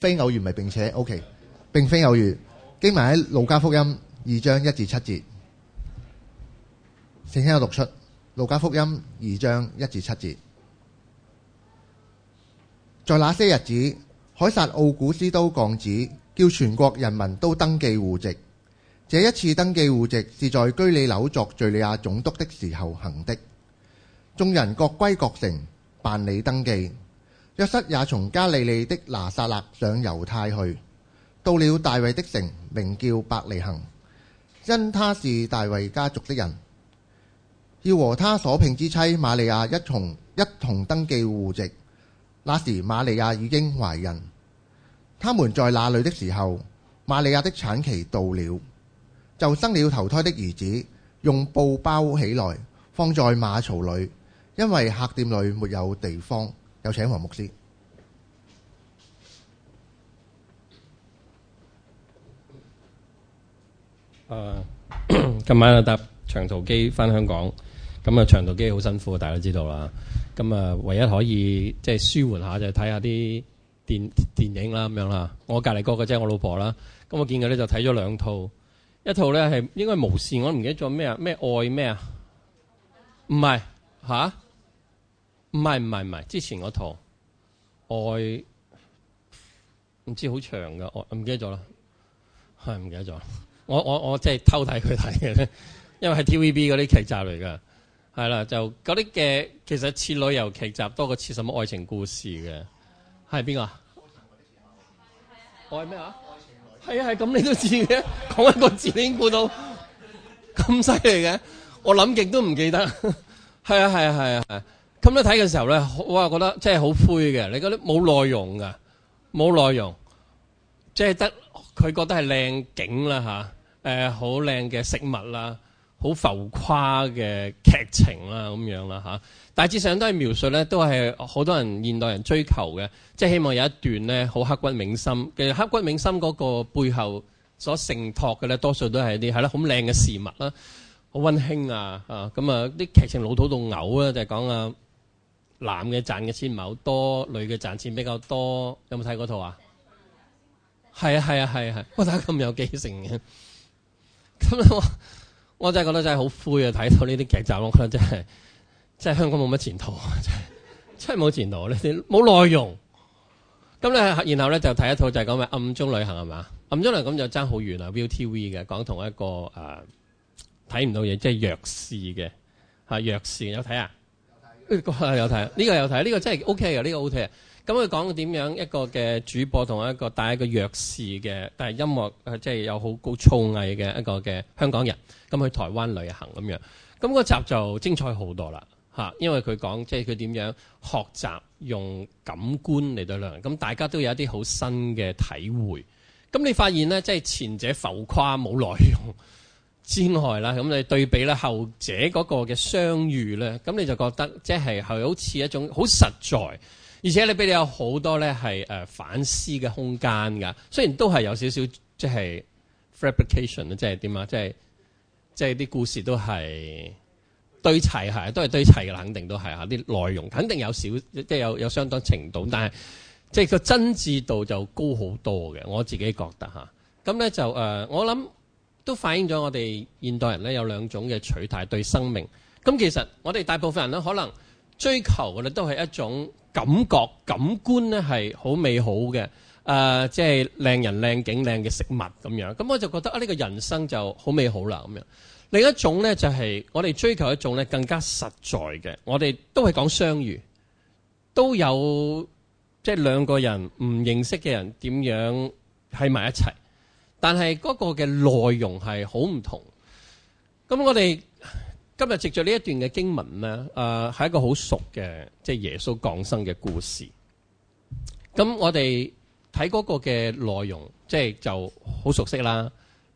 非偶遇咪並且 OK，並非偶遇，經埋喺路加福音二章一至七節。請聽我讀出路加福音二章一至七節。在那些日子，凱撒奧古斯都降旨，叫全國人民都登記戶籍。這一次登記戶籍是在居里紐作敘利亞總督的時候行的。眾人各歸各城辦理登記。約瑟也從加利利的拿撒勒上猶太去，到了大衛的城，名叫伯利恆，因他是大衛家族的人，要和他所聘之妻瑪利亞一同一同登記戶籍。那時瑪利亞已經懷孕，他們在那裏的時候，瑪利亞的產期到了，就生了頭胎的兒子，用布包起來，放在馬槽裏，因為客店裏沒有地方。有請黃牧師。誒，今晚啊搭長途機翻香港，咁啊長途機好辛苦，大家都知道啦。咁啊，唯一可以即係、就是、舒緩下就睇下啲電，電影啦咁樣啦。我隔離個嘅即係我老婆啦。咁我見佢咧就睇咗兩套，一套咧係應該無線，我唔記得咗咩啊？咩愛咩啊？唔係吓？唔係唔係唔係，之前嗰套愛唔知好長噶，我唔記得咗啦，係唔記得咗？我我我即係偷睇佢睇嘅，因為係 TVB 嗰啲劇集嚟噶，係啦，就嗰啲嘅其實似旅遊劇集多過似什麼愛情故事嘅，係邊個？愛咩啊？愛情係啊係咁，的你都知嘅，講一個字典故到，咁犀利嘅，我諗極都唔記得。係啊係啊係啊係。是咁咧睇嘅時候咧，我係覺得真係好灰嘅，你覺得冇內容噶，冇內容，即係得佢覺得係靚景啦吓，誒好靚嘅食物啦，好浮誇嘅劇情啦咁樣啦吓，大致上都係描述咧，都係好多人現代人追求嘅，即係希望有一段咧好刻骨銘心嘅。其實刻骨銘心嗰個背後所承托嘅咧，多數都係一啲係啦，好靚嘅事物啦，好溫馨啊，啊咁啊啲劇情老土到嘔啊，就係講啊～男嘅賺嘅錢唔係好多，女嘅賺錢比較多。有冇睇嗰套 啊？係啊，係啊，係啊！哇，打咁有基情嘅，咁 我我真係覺得真係好灰啊！睇到呢啲劇集，我覺得真係真係香港冇乜前途啊！真係真係冇前途，呢啲冇內容。咁咧，然後咧就睇一套就係講咪暗中旅行係嘛？暗中旅行咁就爭好遠啊！Viu TV 嘅講同一個誒睇唔到嘢，即係弱視嘅嚇弱視，有睇啊？有睇，呢個有睇，呢、這個這個真係 OK 嘅，呢、這個 OK 嘅。咁佢講點樣一個嘅主播同一個帶一個弱視嘅，但係音樂即係有好高造詣嘅一個嘅香港人，咁去台灣旅行咁樣，咁、那個集就精彩好多啦嚇，因為佢講即係佢點樣學習用感官嚟對量，咁大家都有一啲好新嘅體會。咁你發現呢，即、就、係、是、前者浮誇冇內容。之外啦，咁你對比咧後者嗰個嘅相遇咧，咁你就覺得即係係好似一種好實在，而且你俾你有好多咧係、呃、反思嘅空間㗎。雖然都係有少少即係 fabrication 啊，即係點啊，即係即係啲故事都係堆砌係都係堆砌嘅，肯定都係吓啲內容肯定有少即係、就是、有有相當程度，但係即係個真摯度就高好多嘅。我自己覺得吓，咁咧就誒、呃，我諗。都反映咗我哋現代人咧有兩種嘅取態對生命。咁其實我哋大部分人咧可能追求嘅咧都係一種感覺感官咧係好美好嘅。誒，即係靚人靚景靚嘅食物咁樣。咁我就覺得啊，呢個人生就好美好啦。咁樣另一種咧就係我哋追求一種咧更加實在嘅。我哋都係講相遇，都有即係兩個人唔認識嘅人點樣喺埋一齊。但係嗰個嘅內容係好唔同，咁我哋今日藉著呢一段嘅經文呢，誒係、呃、一個好熟嘅，即、就、係、是、耶穌降生嘅故事。咁我哋睇嗰個嘅內容，即係就好、是、熟悉啦，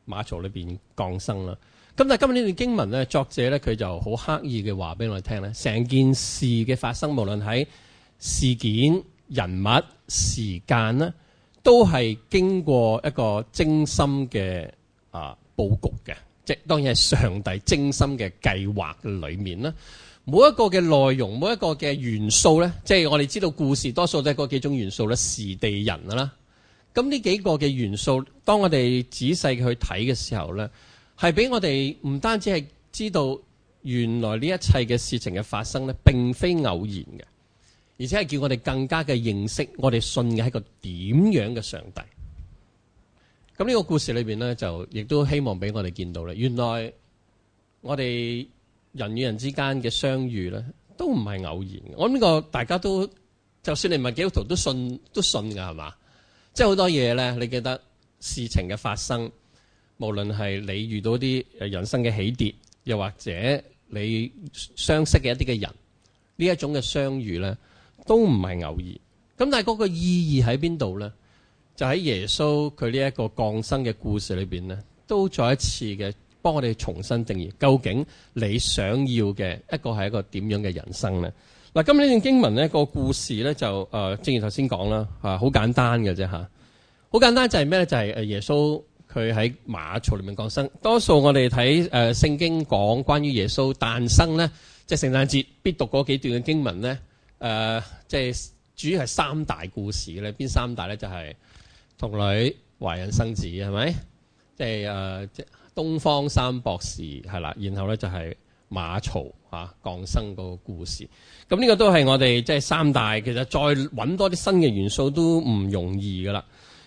馬槽裏邊降生啦。咁但係今日呢段經文咧，作者呢，佢就好刻意嘅話俾我哋聽呢，成件事嘅發生，無論喺事件、人物、時間咧。都係經過一個精心嘅啊布局嘅，即當然係上帝精心嘅計劃裏面啦。每一個嘅內容，每一個嘅元素咧，即係我哋知道故事多數都係幾種元素咧，時地人啊啦。咁呢幾個嘅元素，當我哋仔細去睇嘅時候咧，係俾我哋唔單止係知道原來呢一切嘅事情嘅發生咧，並非偶然嘅。而且係叫我哋更加嘅認識，我哋信嘅係一個點樣嘅上帝。咁呢個故事裏邊咧，就亦都希望俾我哋見到啦。原來我哋人與人之間嘅相遇咧，都唔係偶然嘅。我諗呢個大家都，就算你唔係基督徒都信都信㗎係嘛。即係好多嘢咧，你記得事情嘅發生，無論係你遇到啲人生嘅起跌，又或者你相識嘅一啲嘅人，呢一種嘅相遇咧。都唔係偶然，咁但係嗰個意義喺邊度呢？就喺耶穌佢呢一個降生嘅故事裏邊呢，都再一次嘅幫我哋重新定義，究竟你想要嘅一個係一個點樣嘅人生呢。嗱，今日呢段經文呢個故事呢，就誒正如頭先講啦，吓，好簡單嘅啫吓，好簡單就係咩呢？就係耶穌佢喺馬槽裏面降生。多數我哋睇聖經講關於耶穌誕生呢，即係聖誕節必讀嗰幾段嘅經文呢。誒、呃，即、就、係、是、主要係三大故事咧，邊三大咧就係、是、童女懷孕生子，係咪？即係誒，即、呃、東方三博士係啦，然後咧就係馬槽嚇、啊、降生嗰個故事。咁呢個都係我哋即係三大，其實再揾多啲新嘅元素都唔容易噶啦。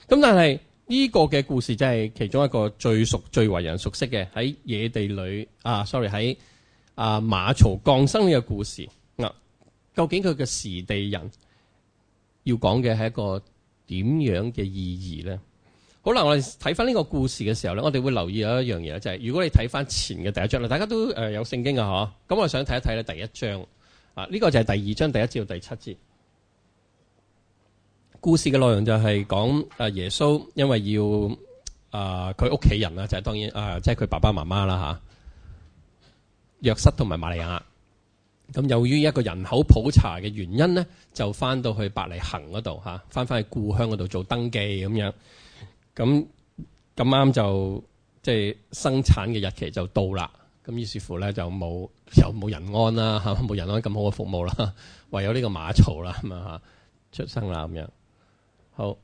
咁但係呢個嘅故事就係其中一個最熟、最為人熟悉嘅喺野地裏啊，sorry 喺啊馬槽降生呢個故事。究竟佢嘅時地人要講嘅係一個點樣嘅意義咧？好啦，我哋睇翻呢個故事嘅時候咧，我哋會留意有一樣嘢，就係、是、如果你睇翻前嘅第一章啦，大家都誒有聖經嘅嗬，咁我想睇一睇咧第一章啊，呢、這個就係第二章第一至第七節。故事嘅內容就係講誒耶穌因為要啊佢屋企人啦，就係當然啊即係佢爸爸媽媽啦吓，約瑟同埋瑪利亞。咁由於一個人口普查嘅原因咧，就翻到去伯利恆嗰度吓，翻翻去故鄉嗰度做登記咁樣。咁咁啱就即係、就是、生產嘅日期就到啦。咁於是乎咧就冇又冇仁安啦，冇仁安咁好嘅服務啦，唯有呢個馬槽啦咁啊出生啦咁樣。好，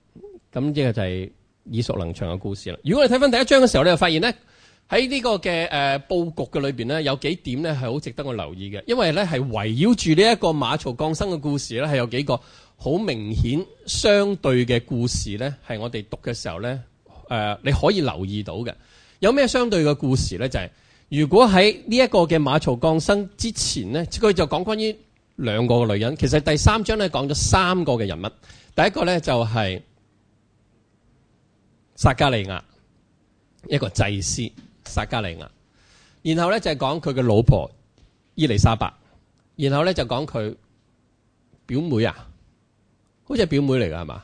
咁呢個就係耳熟能詳嘅故事啦。如果你睇翻第一章嘅時候，你就發現咧。喺、呃、呢個嘅誒佈局嘅裏面，呢有幾點呢係好值得我留意嘅，因為呢係圍繞住呢一個馬槽降生嘅故事呢係有幾個好明顯相對嘅故事呢係我哋讀嘅時候呢，誒、呃、你可以留意到嘅。有咩相對嘅故事呢？就係、是、如果喺呢一個嘅馬槽降生之前呢，佢就講關於兩個嘅女人。其實第三章呢講咗三個嘅人物，第一個呢就係、是、撒加利亞撒迦利亞一個祭司。撒加利亞，然後咧就講佢嘅老婆伊麗莎白，然後咧就講佢表妹啊，好似係表妹嚟㗎係嘛？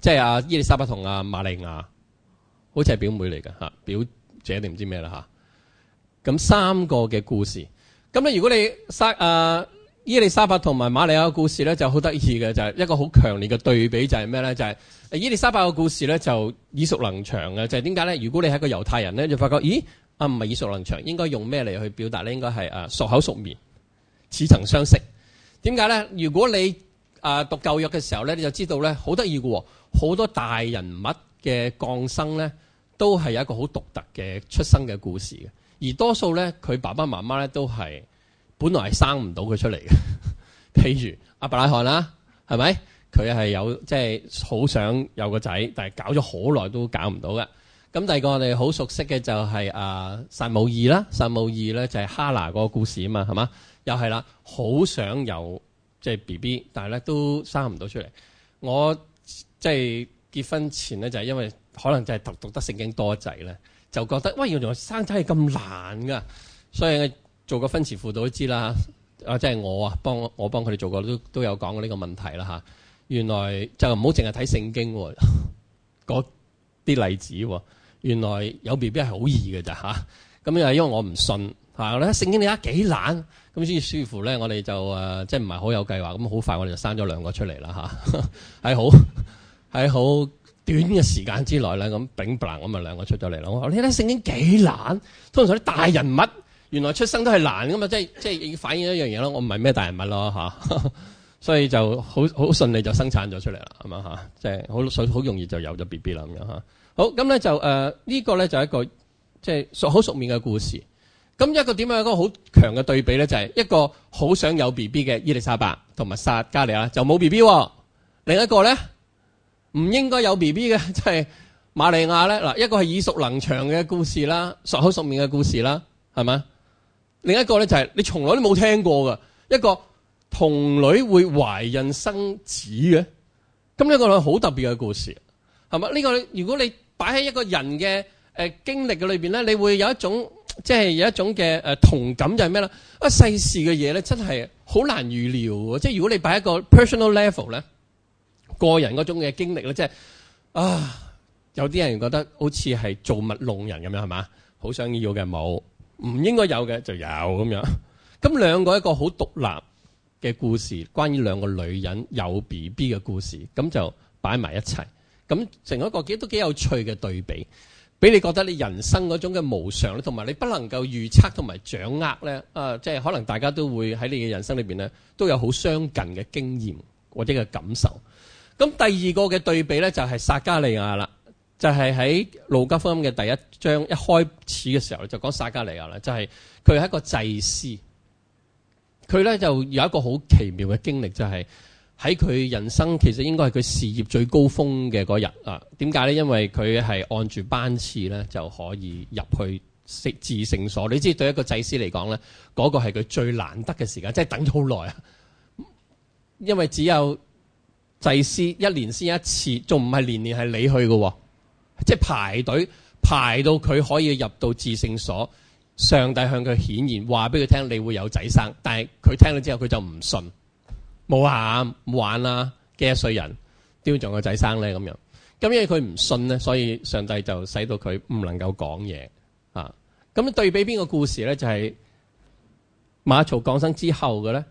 即係、就是、啊，伊麗莎白同阿瑪利亞，好似係表妹嚟㗎嚇，表姐定唔知咩啦嚇？咁、啊、三個嘅故事，咁、嗯、咧如果你撒啊～伊利莎伯同埋馬利亞嘅故事呢，就好得意嘅，就係、是、一個好強烈嘅對比，就係、是、咩呢？就係、是、伊利莎伯嘅故事呢，就耳熟能詳嘅，就係點解呢？如果你係一個猶太人呢，就發覺咦，啊唔係耳熟能詳，應該用咩嚟去表達呢？應該係啊熟口熟面，似曾相識。點解呢？如果你啊讀舊約嘅時候呢，你就知道呢，好得意嘅，好多大人物嘅降生呢，都係有一個好獨特嘅出生嘅故事嘅，而多數呢，佢爸爸媽媽呢，都係。本來係生唔到佢出嚟嘅，譬如，阿伯拉罕啦，係咪佢係有即係好想有個仔，但係搞咗好耐都搞唔到嘅。咁第二個我哋好熟悉嘅就係阿撒母耳啦，撒母耳咧就係哈拿個故事啊嘛，係嘛，又係啦，好想有即係、就是、B B，但係咧都生唔到出嚟。我即係、就是、結婚前咧就係、是、因為可能就係讀讀得聖經多仔咧，就覺得喂，原來生仔係咁難噶，所以咧。做過分詞輔導都知啦，啊，即係我，啊幫我幫佢哋做過都都有講過呢個問題啦嚇。原來就唔好淨係睇聖經嗰啲例子喎，原來有 B B 係好易嘅咋嚇。咁又因為我唔信嚇，我咧聖經，你睇幾難，咁先至舒服咧。我哋就誒即係唔係好有計劃，咁好快我哋就生咗兩個出嚟啦嚇。喺好喺好短嘅時間之內咧，咁炳嘣咁，啊兩個出咗嚟啦。你睇聖經幾難，通常啲大人物。原來出生都係難㗎嘛，即係即係反映咗一樣嘢咯。我唔係咩大人物咯，嚇，所以就好好順利就生產咗出嚟啦，係嘛嚇，即係好熟好容易就有咗 B B 啦咁樣嚇。好咁咧就誒呢、呃呢個咧就一個即係、就係、熟口熟面嘅故事。咁一個點樣一個好強嘅對比咧，就係、係、一個好想有 B B 嘅伊利沙伯同埋撒迦利亞就冇 B B，另一個咧唔應該有 B B 嘅即係馬利亞咧嗱，一個係耳熟能詳嘅故事啦，熟口熟面嘅故事啦，係嘛？另一個咧就係、是、你從來都冇聽過㗎。一個童女會懷孕生子嘅，咁呢一個好特別嘅故事，係嘛？呢、這個如果你擺喺一個人嘅誒、呃、經歷嘅裏面咧，你會有一種即係、就是、有一種嘅誒、呃、同感，就係咩啦？啊世事嘅嘢咧，真係好難預料嘅，即係如果你擺一個 personal level 咧，個人嗰種嘅經歷咧，即、就、係、是、啊有啲人覺得好似係造物弄人咁樣係嘛？好想要嘅冇。唔應該有嘅就有咁樣，咁兩個一個好獨立嘅故事，關於兩個女人有 BB 嘅故事，咁就擺埋一齊，咁成一個幾都幾有趣嘅對比，俾你覺得你人生嗰種嘅無常，同埋你不能夠預測同埋掌握呢啊，即、呃、係、就是、可能大家都會喺你嘅人生裏面呢都有好相近嘅經驗或者嘅感受。咁第二個嘅對比呢，就係撒迦利亞啦。就係喺路加福音嘅第一章一開始嘅時候就講撒迦利亞啦。就係佢係一個祭司，佢呢就有一個好奇妙嘅經歷，就係喺佢人生其實應該係佢事業最高峰嘅嗰日啊。點解呢？因為佢係按住班次呢就可以入去至聖所。你知對一個祭司嚟講呢，嗰、那個係佢最難得嘅時間，即、就、係、是、等咗好耐啊。因為只有祭司一年先一次，仲唔係年年係你去嘅喎。即係排隊排到佢可以入到至聖所，上帝向佢顯現話俾佢聽你會有仔生，但係佢聽咗之後佢就唔信，冇喊冇玩啦、啊，幾多歲人點會仲有個仔生咧咁樣？咁因為佢唔信咧，所以上帝就使到佢唔能夠講嘢啊。咁對比邊個故事咧？就係、是、馬槽降生之後嘅咧，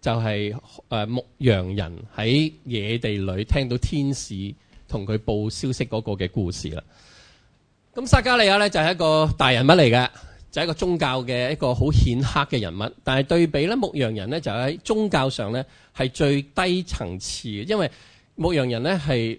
就係、是、誒、呃、牧羊人喺野地裏聽到天使。同佢報消息嗰個嘅故事啦。咁撒加利亞咧就係、是、一個大人物嚟嘅，就係、是、一個宗教嘅一個好顯赫嘅人物。但係對比咧，牧羊人咧就喺宗教上咧係最低層次嘅，因為牧羊人咧係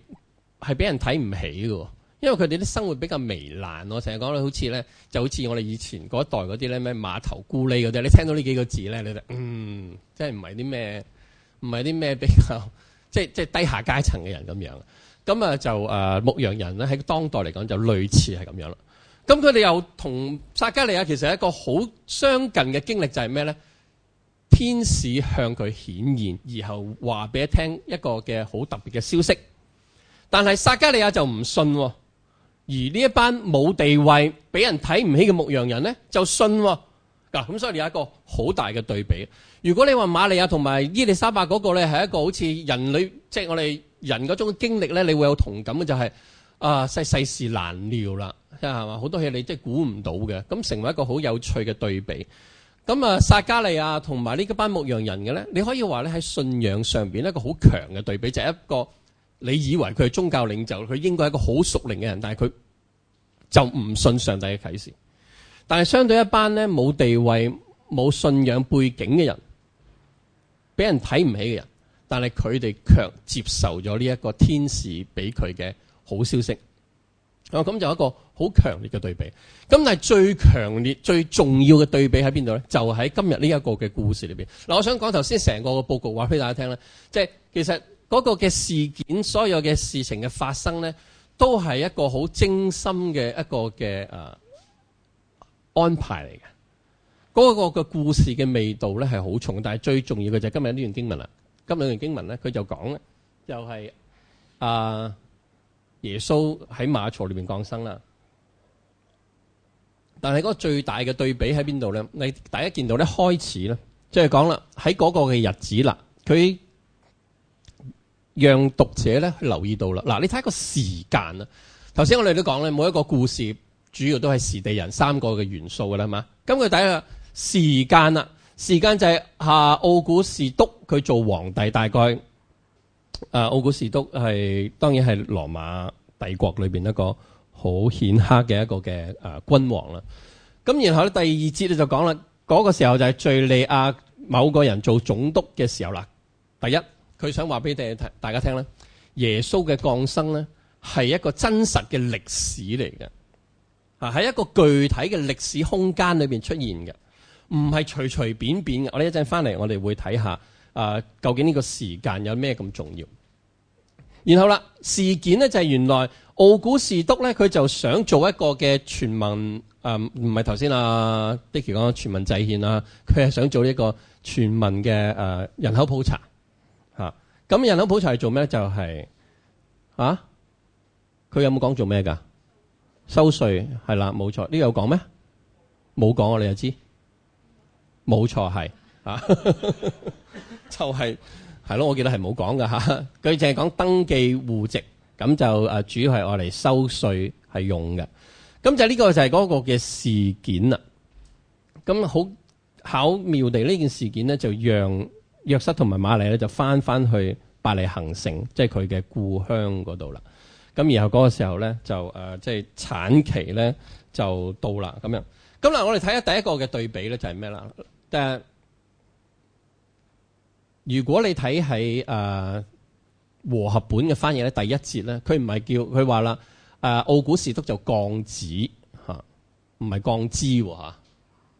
係俾人睇唔起嘅。因為佢哋啲生活比較糜爛咯。我成日講咧，好似咧就好似我哋以前嗰一代嗰啲咧咩碼頭咕喱嗰啲。你聽到呢幾個字咧，你就嗯，即係唔係啲咩唔係啲咩比較即係即係低下階層嘅人咁樣。咁啊，就、呃、牧羊人咧喺當代嚟講就類似係咁樣啦。咁佢哋又同撒加利亞其實係一個好相近嘅經歷就係咩呢？天使向佢顯現，然後話俾佢聽一個嘅好特別嘅消息。但係撒加利亞就唔信，而呢一班冇地位、俾人睇唔起嘅牧羊人呢，就信。嗱，咁所以你有一個好大嘅對比。如果你話瑪利亞同埋伊利莎伯嗰個呢，係一個好似人類，即係我哋。人嗰種經歷咧，你會有同感嘅就係、是、啊世世事難料啦，即係係嘛，好多嘢你即係估唔到嘅，咁成為一個好有趣嘅對比。咁啊，撒迦利亞同埋呢班牧羊人嘅咧，你可以話咧喺信仰上邊一個好強嘅對比，就係、是、一個你以為佢係宗教領袖，佢應該係一個好熟靈嘅人，但係佢就唔信上帝嘅啟示。但係相對一班咧冇地位、冇信仰背景嘅人，俾人睇唔起嘅人。但係佢哋卻接受咗呢一個天使俾佢嘅好消息。咁、啊、就一個好強烈嘅對比。咁但係最強烈、最重要嘅對比喺邊度呢？就喺今日呢一個嘅故事裏邊。嗱、啊，我想講頭先成個嘅報告，話俾大家聽咧。即、就、係、是、其實嗰個嘅事件，所有嘅事情嘅發生呢，都係一個好精心嘅一個嘅誒、啊、安排嚟嘅。嗰、那個嘅故事嘅味道呢係好重，但係最重要嘅就係今日呢段經文啦。今兩段經文咧，佢就講咧，就係、是、阿、啊、耶穌喺馬槽裏邊降生啦。但係嗰個最大嘅對比喺邊度咧？你第一見到咧，開始咧，即係講啦，喺嗰個嘅日子啦，佢讓讀者咧留意到啦。嗱，你睇個時間啊。頭先我哋都講咧，每一個故事主要都係時地人三個嘅元素噶啦，係嘛？咁佢第一時間啦，時間就係、是、下、啊、奧古士督。佢做皇帝大概，啊、呃，奧古士都係當然係羅馬帝國裏邊一個好顯赫嘅一個嘅啊、呃、君王啦。咁然後咧第二節咧就講啦，嗰，那個時候就係敘利亞某個人做總督嘅時候啦。第一，佢想話俾你哋大家聽咧，耶穌嘅降生咧係一個真實嘅歷史嚟嘅。啊，喺一個具體嘅歷史空間裏邊出現嘅，唔係隨隨便便嘅。我呢一陣翻嚟，我哋會睇下。啊，究竟呢個時間有咩咁重要？然後啦，事件呢就係、是、原來奧古士督咧，佢就想做一個嘅全民誒，唔係頭先阿 Dicky 講全民制憲啦，佢係想做一個全民嘅誒、啊、人口普查嚇。咁、啊、人口普查係做咩？就係、是、啊，佢有冇講做咩噶？收稅係啦，冇錯，呢個有講咩？冇講我哋又知？冇錯係啊。 就係係咯，我記得係冇講噶吓，佢淨係講登記戶籍，咁就主要係愛嚟收稅係用嘅，咁就呢個就係嗰個嘅事件啦。咁好巧妙地呢件事件呢，就讓約瑟同埋馬利亞呢，咧就翻翻去伯利恆城，即係佢嘅故鄉嗰度啦。咁然後嗰個時候咧就誒，即係產期咧就到啦，咁樣。咁嗱，我哋睇下第一個嘅對比咧就係咩啦？如果你睇喺誒和合本嘅翻譯咧，第一節咧，佢唔係叫佢話啦，誒、呃、奧古士督就降旨嚇，唔、啊、係降脂喎啊，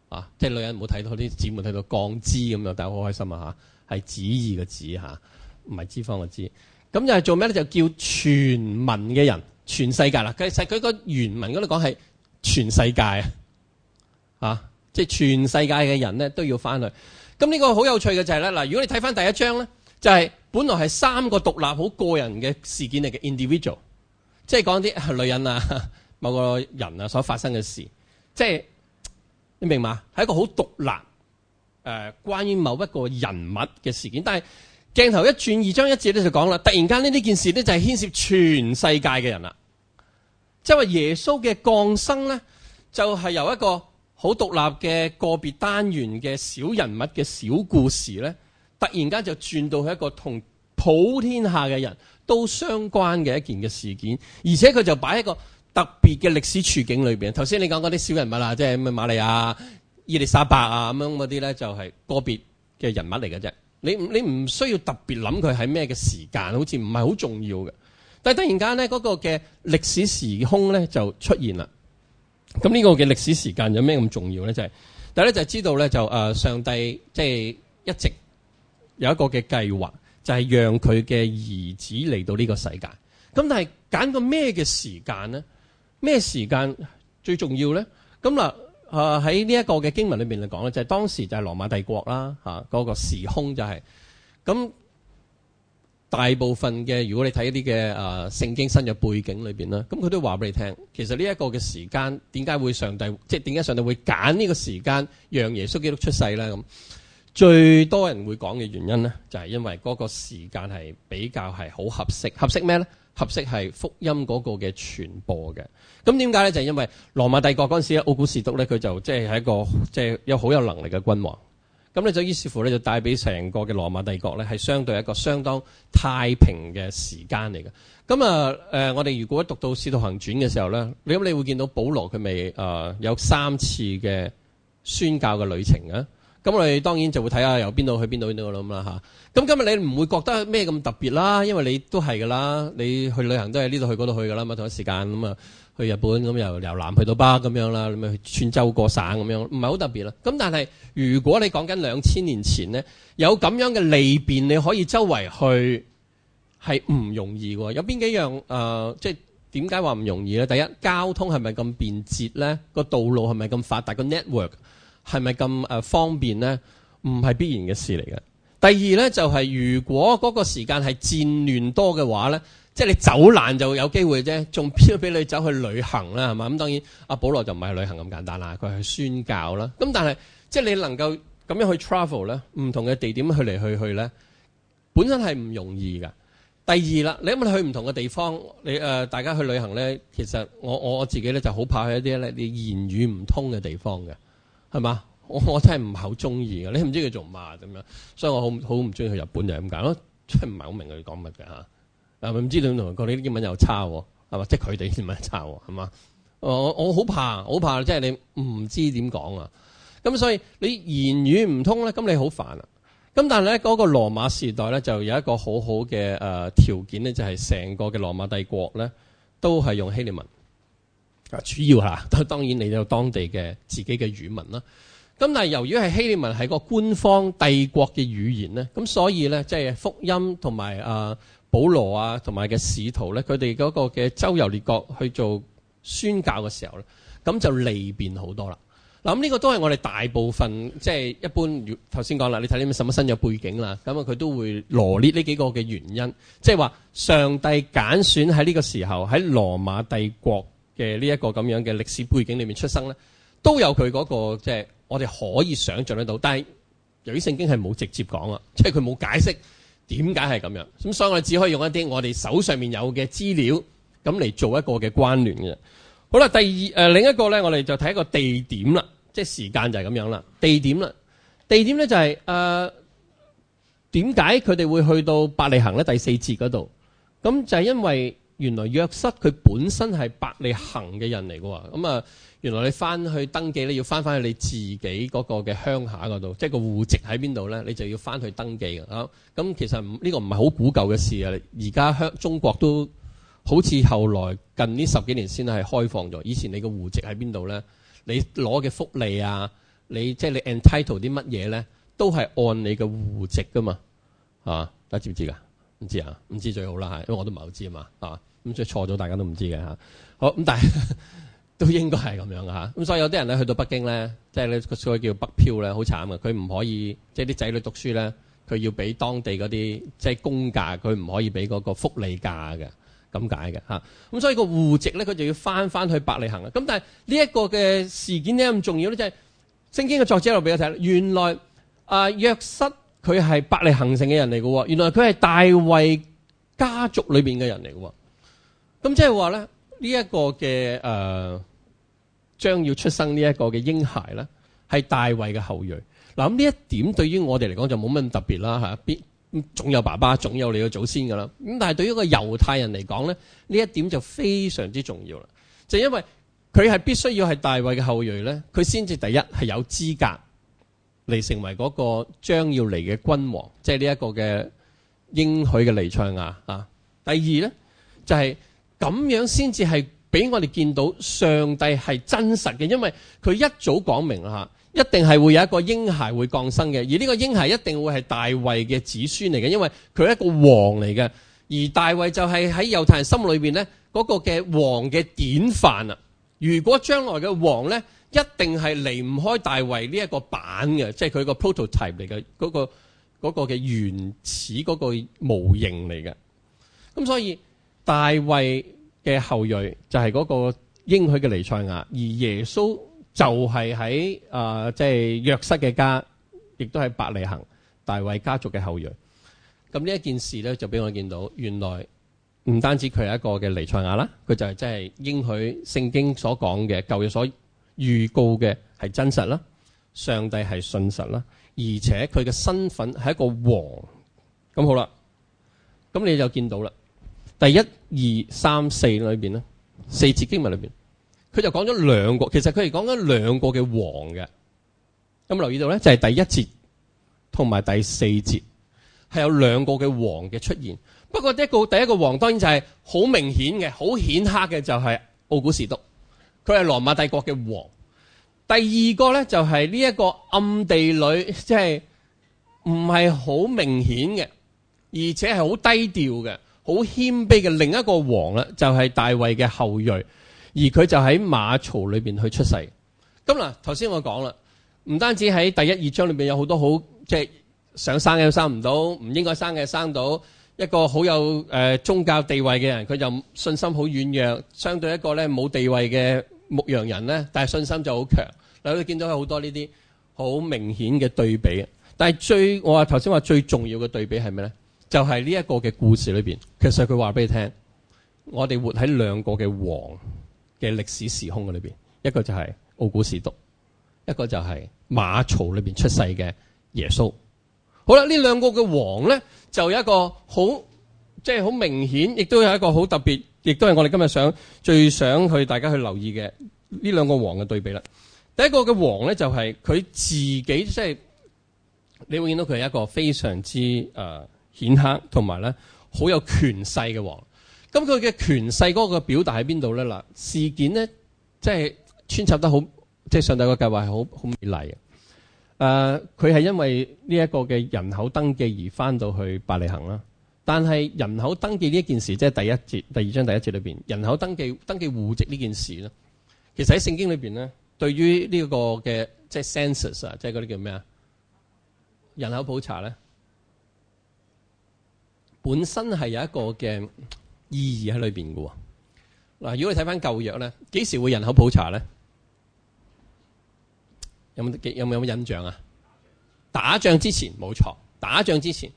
啊，即係女人唔好睇到啲姊妹睇到降脂咁樣，大家好開心啊嚇，係旨意嘅旨嚇，唔係、啊、脂肪嘅脂。咁又係做咩咧？就叫全民嘅人，全世界啦。其實佢個原文嗰度講係全世界啊，即係全世界嘅人咧都要翻去。咁、這、呢個好有趣嘅就係、是、咧，嗱如果你睇翻第一章咧，就係、是、本來係三個獨立好個人嘅事件嚟嘅，individual，即係講啲女人啊，某個人啊所發生嘅事，即係你明嘛？係一個好獨立誒、呃，關於某一個人物嘅事件。但係鏡頭一轉，二章一節咧就講啦，突然間呢呢件事呢，就係牽涉全世界嘅人啦，即係話耶穌嘅降生咧就係、是、由一個。好獨立嘅個別單元嘅小人物嘅小故事呢，突然間就轉到去一個同普天下嘅人都相關嘅一件嘅事件，而且佢就擺喺一個特別嘅歷史處境裏面。頭先你講嗰啲小人物啦，即係咩瑪利亞、伊利沙伯啊咁樣嗰啲呢，就係個別嘅人物嚟嘅啫。你你唔需要特別諗佢喺咩嘅時間，好似唔係好重要嘅。但突然間呢，嗰個嘅歷史時空呢，就出現啦。咁呢個嘅歷史時間有咩咁重要咧？就係，大家就係知道咧，就誒上帝即係一直有一個嘅計劃，就係讓佢嘅兒子嚟到呢個世界。咁但係揀個咩嘅時間咧？咩時間最重要咧？咁嗱，誒喺呢一個嘅經文裏面嚟講咧，就係當時就係羅馬帝國啦，嗰個時空就係咁。大部分嘅，如果你睇一啲嘅誒聖經新嘅背景裏邊啦，咁佢都話俾你聽，其實呢一個嘅時間，點解會上帝，即係點解上帝會揀呢個時間讓耶穌基督出世咧？咁最多人會講嘅原因咧，就係、是、因為嗰個時間係比較係好合適。合適咩咧？合適係福音嗰個嘅傳播嘅。咁點解咧？就是、因為羅馬帝國嗰陣時咧，奧古斯都咧佢就即係一個即係、就是、有好有能力嘅君王。咁你就於是乎咧就帶俾成個嘅羅馬帝國咧係相對一個相當太平嘅時間嚟嘅。咁啊誒，我哋如果讀到《使徒行傳》嘅時候咧，你咁你會見到保羅佢未誒有三次嘅宣教嘅旅程㗎。咁我哋當然就會睇下由邊度去邊度呢個啦嚇。咁今日你唔會覺得咩咁特別啦，因為你都係噶啦，你去旅行都係呢度去嗰度去噶啦嘛，同一時間咁啊。.去日本咁又由南去到北咁樣啦，咁咪穿州過省咁樣，唔係好特別啦。咁但係如果你講緊兩千年前呢，有咁樣嘅利便，你可以周圍去係唔容易喎。有邊幾樣、呃、即係點解話唔容易呢？第一，交通係咪咁便捷呢？個道路係咪咁發達？個 network 係咪咁呃方便呢？唔係必然嘅事嚟嘅。第二呢，就係、是、如果嗰個時間係戰亂多嘅話呢。即係你走難就有機會啫，仲偏都俾你走去旅行啦，係嘛？咁當然，阿保羅就唔係去旅行咁簡單啦，佢係去宣教啦。咁但係，即係你能夠咁樣去 travel 咧，唔同嘅地點去嚟去去咧，本身係唔容易嘅。第二啦，你有冇去唔同嘅地方？你誒、呃、大家去旅行咧，其實我我我自己咧就好怕去一啲咧你言語唔通嘅地方嘅，係嘛？我我真係唔係好中意嘅，你唔知佢做嘛，咁樣，所以我好好唔中意去日本就係咁解咯，真係唔係好明佢講乜嘅嚇。啊！唔知你同佢講你啲英文又差喎，係嘛？即係佢哋英文差喎，係嘛？我我好怕，好怕，即係你唔知點講啊！咁所以你言語唔通咧，咁你好煩啊！咁但係咧，嗰個羅馬時代咧，就有一個好好嘅誒條件咧，就係成個嘅羅馬帝國咧，都係用希臘文啊！主要嚇，當然你有當地嘅自己嘅語文啦。咁但係由於係希臘文係個官方帝國嘅語言咧，咁所以咧，即係福音同埋啊。呃保羅啊，同埋嘅使徒呢，佢哋嗰個嘅周遊列國去做宣教嘅時候呢，咁就利便好多啦。嗱，咁呢個都係我哋大部分即係、就是、一般，頭先講啦，你睇啲什麼新嘅背景啦，咁啊佢都會羅列呢幾個嘅原因，即係話上帝揀選喺呢個時候喺羅馬帝國嘅呢一個咁樣嘅歷史背景裏面出生呢，都有佢嗰、那個即係、就是、我哋可以想象得到，但係由於聖經係冇直接講啊，即係佢冇解釋。點解係咁樣？咁所以我哋只可以用一啲我哋手上面有嘅資料咁嚟做一個嘅關聯嘅。好啦，第二誒、呃、另一個呢，我哋就睇一個地點啦，即係時間就係咁樣啦，地點啦，地點呢就係誒點解佢哋會去到伯利恒呢，第四節嗰度，咁就係因為原來約瑟佢本身係伯利恒嘅人嚟嘅喎，咁啊。呃原來你翻去登記咧，你要翻翻去你自己嗰個嘅鄉下嗰度，即係個戶籍喺邊度咧，你就要翻去登記嘅。咁、啊、其實呢個唔係好古舊嘅事啊。而家香中國都好似後來近呢十幾年先係開放咗。以前你嘅戶籍喺邊度咧？你攞嘅福利啊，你即係、就是、你 entitle 啲乜嘢咧，都係按你嘅戶籍噶嘛。啊，大家知唔知噶？唔知啊？唔知最好啦吓，因為我都唔係好知啊嘛。啊，咁所以錯咗，大家都唔知嘅吓。好咁，但係。都應該係咁樣嘅嚇，咁所以有啲人咧去到北京咧，即係咧個所謂叫北漂咧，好慘嘅。佢唔可以，即係啲仔女讀書咧，佢要俾當地嗰啲即係公價，佢唔可以俾嗰個福利價嘅，咁解嘅嚇。咁所以個戶籍咧，佢就要翻翻去伯利恆啊。咁但係呢一個嘅事件點解咁重要咧？就係、是、聖經嘅作者又俾我睇，原來啊、呃、約瑟佢係伯利恆城嘅人嚟嘅喎，原來佢係大衞家族裏邊嘅人嚟嘅喎。咁即係話咧，呢、這、一個嘅誒。呃將要出生呢一個嘅嬰孩呢係大衛嘅後裔。嗱呢一點對於我哋嚟講就冇乜特別啦吓，邊總有爸爸，總有你嘅祖先噶啦。咁但係對於一個猶太人嚟講咧，呢一點就非常之重要啦。就是、因為佢係必須要係大衛嘅後裔呢，佢先至第一係有資格嚟成為嗰個將要嚟嘅君王，即係呢一個嘅應許嘅尼唱亞啊。第二呢，就係、是、咁樣先至係。俾我哋見到上帝係真實嘅，因為佢一早講明啦嚇，一定係會有一個嬰孩會降生嘅，而呢個嬰孩一定會係大衛嘅子孫嚟嘅，因為佢係一個王嚟嘅，而大衛就係喺猶太人心裏面呢嗰、那個嘅王嘅典範啊！如果將來嘅王呢，一定係離唔開大衛呢一個版嘅，即係佢個 prototype 嚟嘅嗰個嗰個嘅原始嗰個模型嚟嘅。咁所以大衛，嘅後裔就係、是、嗰個應許嘅彌賽亞，而耶穌就係喺即係約瑟嘅家，亦都係伯利恆大衛家族嘅後裔。咁呢一件事咧就俾我見到，原來唔單止佢係一個嘅彌賽亞啦，佢就係即係應許聖經所講嘅舊約所預告嘅係真實啦，上帝係信實啦，而且佢嘅身份係一個王。咁好啦，咁你就見到啦。第一二三四裏邊呢，四節經文裏邊，佢就講咗兩個，其實佢係講緊兩個嘅王嘅。咁留意到呢，就係、是、第一節同埋第四節，係有兩個嘅王嘅出現。不過一、這個第一個王，當然就係好明顯嘅、好顯赫嘅，就係奧古士都，佢係羅馬帝國嘅王。第二個呢，就係呢一個暗地裏，即係唔係好明顯嘅，而且係好低調嘅。好謙卑嘅另一個王啦，就係大衛嘅後裔，而佢就喺馬槽裏邊去出世。咁嗱，頭先我講啦，唔單止喺第一二章裏邊有好多好即係想生嘅生唔到，唔應該生嘅生到一個好有誒宗教地位嘅人，佢就信心好軟弱，相對一個咧冇地位嘅牧羊人咧，但係信心就好強。嗱，我哋見到佢好多呢啲好明顯嘅對比。但係最我話頭先話最重要嘅對比係咩咧？就係呢一個嘅故事裏邊，其實佢話俾你聽，我哋活喺兩個嘅王嘅歷史時空嘅裏邊，一個就係奧古士督，一個就係馬槽裏邊出世嘅耶穌。好啦，呢兩個嘅王呢，就有一個好即係好明顯，亦都有一個好特別，亦都係我哋今日想最想去大家去留意嘅呢兩個王嘅對比啦。第一個嘅王呢，就係佢自己，即係你會見到佢係一個非常之誒，呃顯赫同埋咧，好有權勢嘅王。咁佢嘅權勢嗰個表達喺邊度咧？嗱，事件咧即係穿插得好，即係上帝個計劃係好好美麗。誒、呃，佢係因為呢一個嘅人口登記而翻到去伯利恆啦。但係人口登記呢一件事，即係第一節第二章第一節裏邊人口登記登記戶籍呢件事咧，其實喺聖經裏邊咧，對於呢一個嘅即係 census 啊，即係嗰啲叫咩啊？人口普查咧。本身係有一個嘅意義喺裏邊嘅。嗱，如果你睇翻舊約咧，幾時會人口普查咧？有冇有冇印象啊？打仗之前冇錯，打仗之前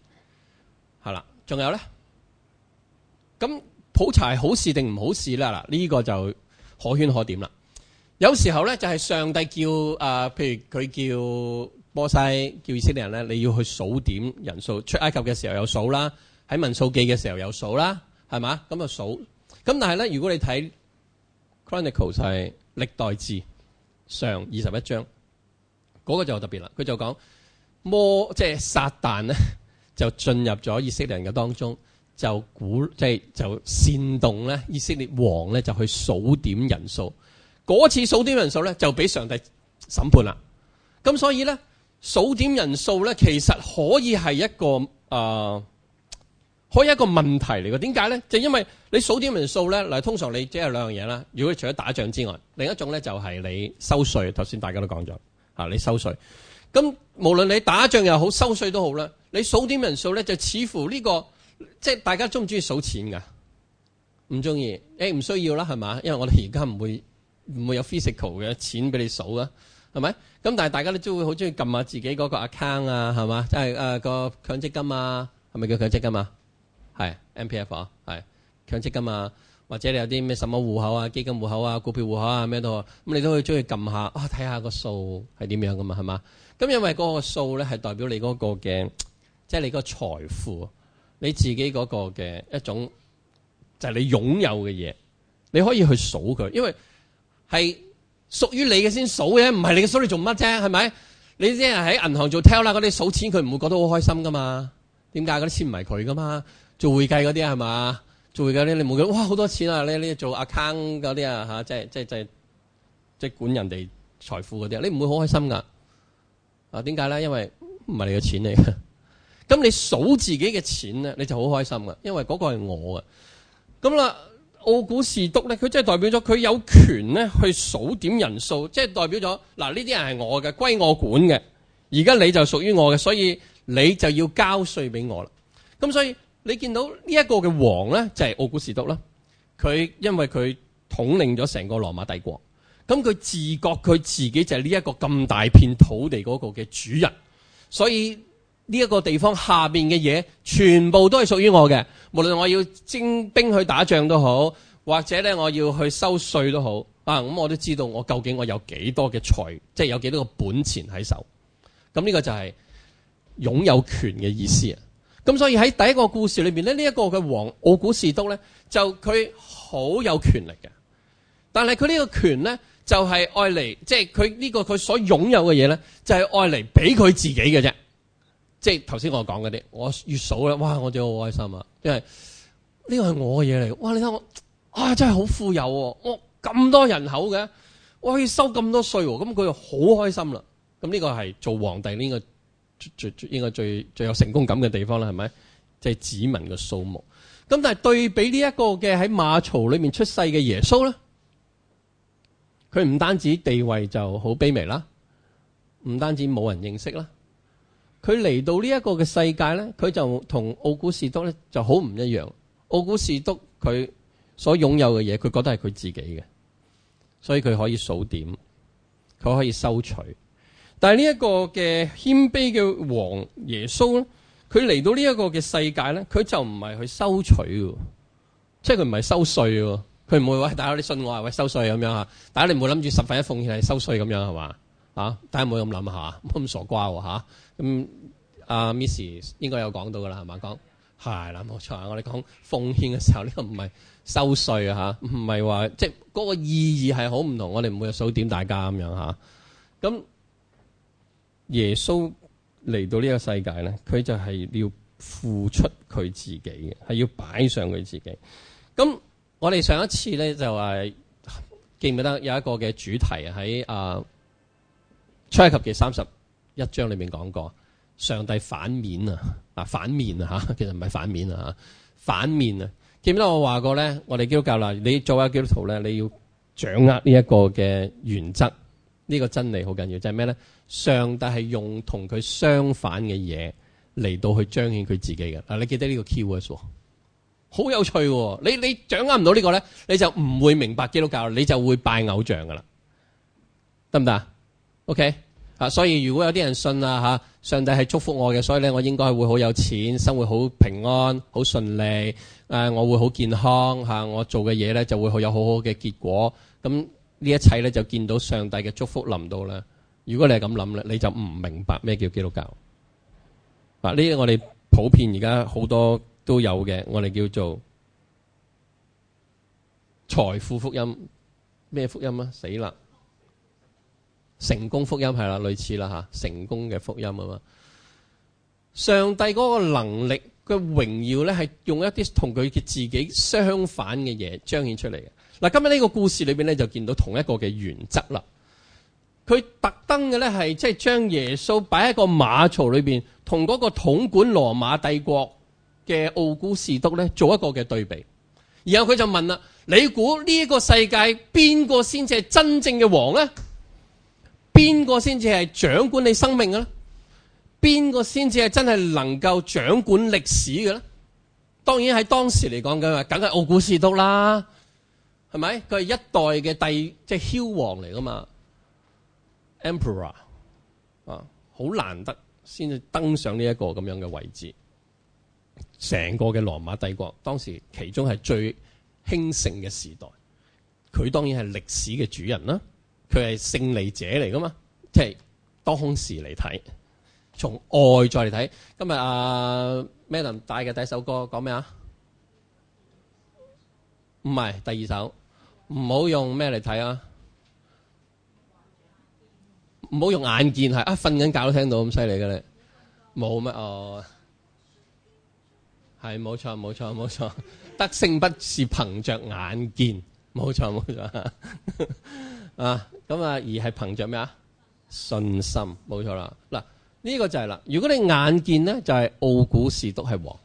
係啦。仲有咧，咁普查係好事定唔好事咧？嗱，呢個就可圈可點啦。有時候咧就係上帝叫啊、呃，譬如佢叫摩西叫以色列人咧，你要去數點人數。出埃及嘅時候有數啦。喺文數記嘅時候有數啦，係咪？咁啊數，咁但係咧，如果你睇 Chronicles 係歷代志上二十一章，嗰個就特別啦。佢就講魔，即係撒旦咧，就進入咗以色列人嘅當中，就鼓即係就煽動咧，以色列王咧就去數點人數。嗰次數點人數咧，就俾上帝審判啦。咁所以咧，數點人數咧，其實可以係一個誒。呃可以一個問題嚟嘅，點解咧？就因為你數點人數咧，嗱通常你即係兩樣嘢啦。如果你除咗打仗之外，另一種咧就係你收稅。頭先大家都講咗吓，你收稅。咁無論你打仗又好，收稅都好啦，你數點人數咧就似乎呢個即係大家中唔中意數錢㗎？唔中意？誒唔需要啦係嘛？因為我哋而家唔會唔會有 physical 嘅錢俾你數啊，係咪？咁但係大家都會好中意撳下自己嗰個 account 啊，係嘛？即係誒個強積金啊，係咪叫強積金啊？係 M P F 啊，係強積金啊，或者你有啲咩什麼戶口啊、基金戶口啊、股票戶口啊咩都好，咁你都可以中意撳下，啊睇下個數係點樣噶嘛，係嘛？咁因為嗰個數咧係代表你嗰個嘅，即係你個財富，你自己嗰個嘅一種，就係你擁有嘅嘢，你可以去數佢，因為係屬於你嘅先數嘅，唔係你嘅數你做乜啫，係咪？你即係喺銀行做 tell 啦，嗰啲數錢佢唔會覺得好開心噶嘛，點解嗰啲錢唔係佢噶嘛？做會計嗰啲係，係嘛？做會計嗰啲，你冇嘅哇，好多錢啊！你呢做 account 嗰啲啊，吓即係即係即係即係管人哋財富嗰啲，你唔會好開心噶啊？點解咧？因為唔係你嘅錢嚟。咁你數自己嘅錢咧，你就好開心㗎！因為嗰個係我嘅。咁啦，奧古士督咧，佢即係代表咗佢有權咧去數點人數，即係代表咗，嗱呢啲人係我嘅，歸我管嘅。而家你就屬於我嘅，所以你就要交稅俾我啦。咁所以。你見到呢一個嘅王呢，就係奧古斯都啦。佢因為佢統領咗成個羅馬帝國，咁佢自覺佢自己就係呢一個咁大片土地嗰個嘅主人，所以呢一個地方下面嘅嘢全部都係屬於我嘅。無論我要徵兵去打仗都好，或者呢我要去收稅都好，啊咁我都知道我究竟我有幾多嘅財，即係有幾多個本錢喺手。咁呢個就係擁有權嘅意思啊。咁所以喺第一個故事裏面咧，呢一個嘅皇奧古士都咧，就佢好有權力嘅。但係佢呢個權咧，就係愛嚟，即係佢呢個佢所擁有嘅嘢咧，就係愛嚟俾佢自己嘅啫。即係頭先我講嗰啲，我月數咧，哇！我就好開心啊，因為呢個係我嘅嘢嚟。哇！你睇我啊，真係好富有喎！我咁多人口嘅，我可以收咁多稅喎。咁佢就好開心啦。咁呢個係做皇帝呢個。應該最應該最最有成功感嘅地方咧，係咪即係子民嘅數目？咁但係對比呢一個嘅喺馬槽裏面出世嘅耶穌咧，佢唔單止地位就好卑微啦，唔單止冇人認識啦，佢嚟到呢一個嘅世界咧，佢就同奧古士都咧就好唔一樣。奧古士都佢所擁有嘅嘢，佢覺得係佢自己嘅，所以佢可以數點，佢可以收取。但係呢一個嘅謙卑嘅王耶穌咧，佢嚟到呢一個嘅世界咧，佢就唔係去收取喎，即係佢唔係收稅喎。佢唔會話，大家你信我啊，喂，收稅咁樣嚇，大家你唔會諗住十分一奉獻係收稅咁樣係嘛啊？大家唔好咁諗下，唔好咁傻瓜喎咁、啊、阿、啊、Miss 應該有講到噶啦，係嘛講係啦，冇錯啊。我哋講奉獻嘅時候，呢、呢個唔係收稅啊嚇，唔係話即係嗰個意義係好唔同。我哋唔會數點大家咁樣咁。啊。耶穌嚟到呢個世界咧，佢就係要付出佢自己嘅，係要擺上佢自己。咁我哋上一次咧就係、是、記唔記得有一個嘅主題喺啊《創世記》三十一章裏面講過，上帝反面啊，嗱反面啊吓，其實唔係反面啊，反面啊，記唔記得我話過咧，我哋基督教啦，你作為基督徒咧，你要掌握呢一個嘅原則。呢、這個真理好緊要，就係咩呢？上帝係用同佢相反嘅嘢嚟到去彰顯佢自己嘅。嗱，你記得呢個 keywords 喎？好有趣喎！你你掌握唔到呢個呢，你就唔會明白基督教，你就會拜偶像噶啦。得唔得？OK 啊？所以如果有啲人信啊，上帝係祝福我嘅，所以呢，我應該會好有錢，生活好平安，好順利。啊，我會好健康啊，我做嘅嘢呢就會有好好嘅結果。咁呢一切咧，就見到上帝嘅祝福臨到啦。如果你係咁諗咧，你就唔明白咩叫基督教。嗱，呢啲我哋普遍而家好多都有嘅，我哋叫做財富福音，咩福音啊？死啦！成功福音係啦，類似啦吓，成功嘅福音啊嘛。上帝嗰個能力嘅榮耀咧，係用一啲同佢嘅自己相反嘅嘢彰顯出嚟嘅。嗱，今日呢個故事裏面呢，就見到同一個嘅原則啦。佢特登嘅呢，係即係將耶穌擺喺一個馬槽裏面，同嗰個統管羅馬帝國嘅奧古士督呢做一個嘅對比。然後佢就問啦：「你估呢個世界邊個先至係真正嘅王呢？邊個先至係掌管你生命嘅呢？邊個先至係真係能夠掌管歷史嘅呢？」當然喺當時嚟講嘅話，梗係奧古士督啦。係咪？佢係一代嘅帝，即係梟王嚟噶嘛？Emperor 啊，好難得先至登上呢一個咁樣嘅位置。成個嘅羅馬帝國當時其中係最興盛嘅時代，佢當然係歷史嘅主人啦，啊。佢係勝利者嚟噶嘛？即係當時嚟睇，從外再嚟睇。今日阿 Madam 帶嘅第一首歌講咩啊？唔係，第二首。唔好用咩嚟睇啊！唔好用眼見係啊，瞓緊覺都聽到咁犀利嘅你，冇乜哦？係冇錯冇錯冇錯，錯錯錯 得勝不是憑着眼見，冇錯冇錯啊！咁 啊，而係憑着咩啊？信心，冇錯啦。嗱、啊，呢、這個就係、是、啦。如果你眼見咧，就係、是、奧古士都係王。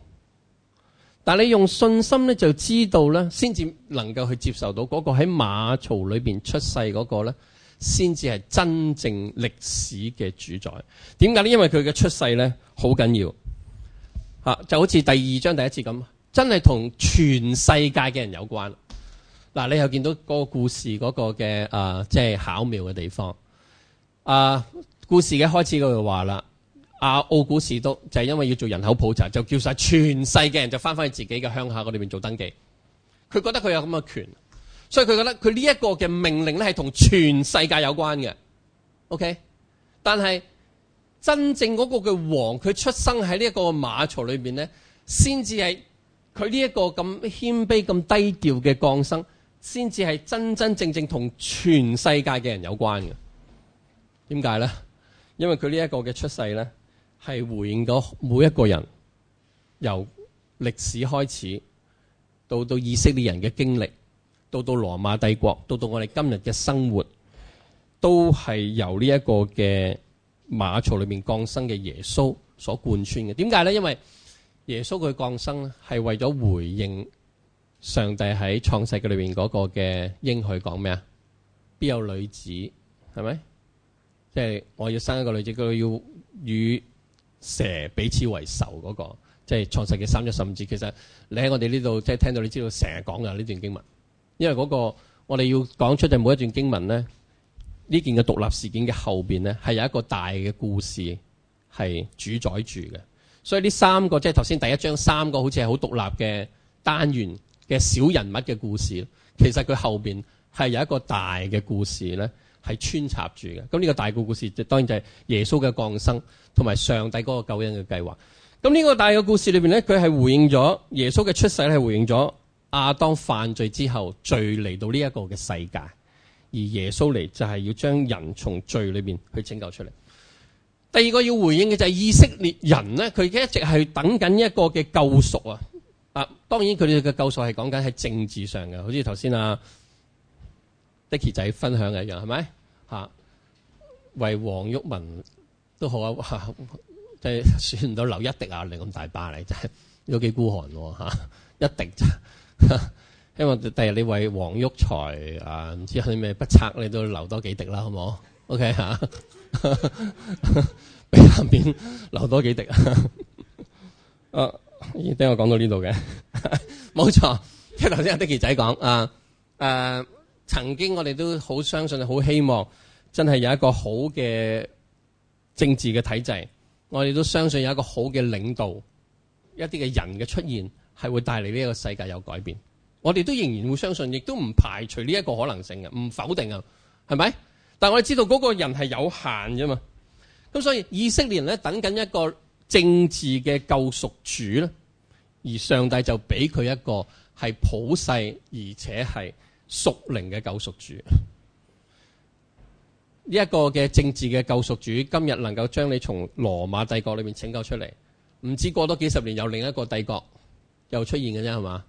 但係你用信心咧，就知道咧，先至能夠去接受到嗰個喺馬槽裏邊出世嗰、嗰個咧，先至係真正歷史嘅主宰。點解咧？因為佢嘅出世咧好緊要，吓就好似第二章第一節咁，真係同全世界嘅人有關。嗱，你又見到嗰個故事嗰個嘅誒，即、呃、係、就是、巧妙嘅地方。啊、呃，故事嘅開始嗰度話啦。阿、啊、奧古士都就係、是、因為要做人口普查，就叫晒全世嘅人就翻返去自己嘅鄉下嗰裏面做登記。佢覺得佢有咁嘅權，所以佢覺得佢呢一個嘅命令咧係同全世界有關嘅。OK，但係真正嗰個嘅王，佢出生喺呢一個馬槽裏面呢，先至係佢呢一個咁謙卑、咁低調嘅降生，先至係真真正正同全世界嘅人有關嘅。點解呢？因為佢呢一個嘅出世呢。係回應咗每一個人，由歷史開始到到以色列人嘅經歷，到到羅馬帝國，到到我哋今日嘅生活，都係由呢一個嘅馬槽裏面降生嘅耶穌所貫穿嘅。點解咧？因為耶穌佢降生咧，係為咗回應上帝喺創世記裏邊嗰個嘅應許，講咩啊？必有女子係咪？即係、就是、我要生一個女子，佢要與蛇彼此為仇嗰個，即係創世記三一，甚至其實你喺我哋呢度即係聽到，你知道成日講嘅呢段經文，因為嗰個我哋要講出嘅每一段經文咧，呢件嘅獨立事件嘅後面咧係有一個大嘅故事係主宰住嘅。所以呢三個即係頭先第一章三個好似係好獨立嘅單元嘅小人物嘅故事，其實佢後面係有一個大嘅故事咧係穿插住嘅。咁呢個大故故事就當然就係耶穌嘅降生。同埋上帝嗰個救恩嘅計劃，咁呢個大嘅故事裏邊呢，佢係回應咗耶穌嘅出世，係回應咗亞當犯罪之後罪嚟到呢一個嘅世界，而耶穌嚟就係要將人從罪裏邊去拯救出嚟。第二個要回應嘅就係、是、以色列人呢，佢一直係等緊一個嘅救贖啊！啊，當然佢哋嘅救贖係講緊喺政治上嘅，好似頭先啊 Dicky 仔分享嘅一樣，係咪吓？為黃玉文。都好啊，即係選唔到留一滴啊，你咁大把你真係，有幾孤寒喎、啊、吓，一滴希望第日你為黃育材啊，唔知有啲咩不測，你都留多幾滴啦，好唔好？OK 吓，俾下邊留多幾滴啊、欸、聽的啊。啊，而我講到呢度嘅，冇錯，因為頭先的傑仔講啊，誒，曾經我哋都好相信，好希望真係有一個好嘅。政治嘅體制，我哋都相信有一個好嘅領導，一啲嘅人嘅出現，係會帶嚟呢個世界有改變，我哋都仍然會相信，亦都唔排除呢一個可能性嘅，唔否定啊，係咪？但係我哋知道嗰個人係有限啫嘛。咁所以以色列人咧等緊一個政治嘅救贖主咧，而上帝就俾佢一個係普世而且係屬靈嘅救贖主。呢一個嘅政治嘅救贖主，今日能夠將你從羅馬帝國裏面拯救出嚟，唔知過多幾十年有另一個帝國又出現嘅啫，係嘛？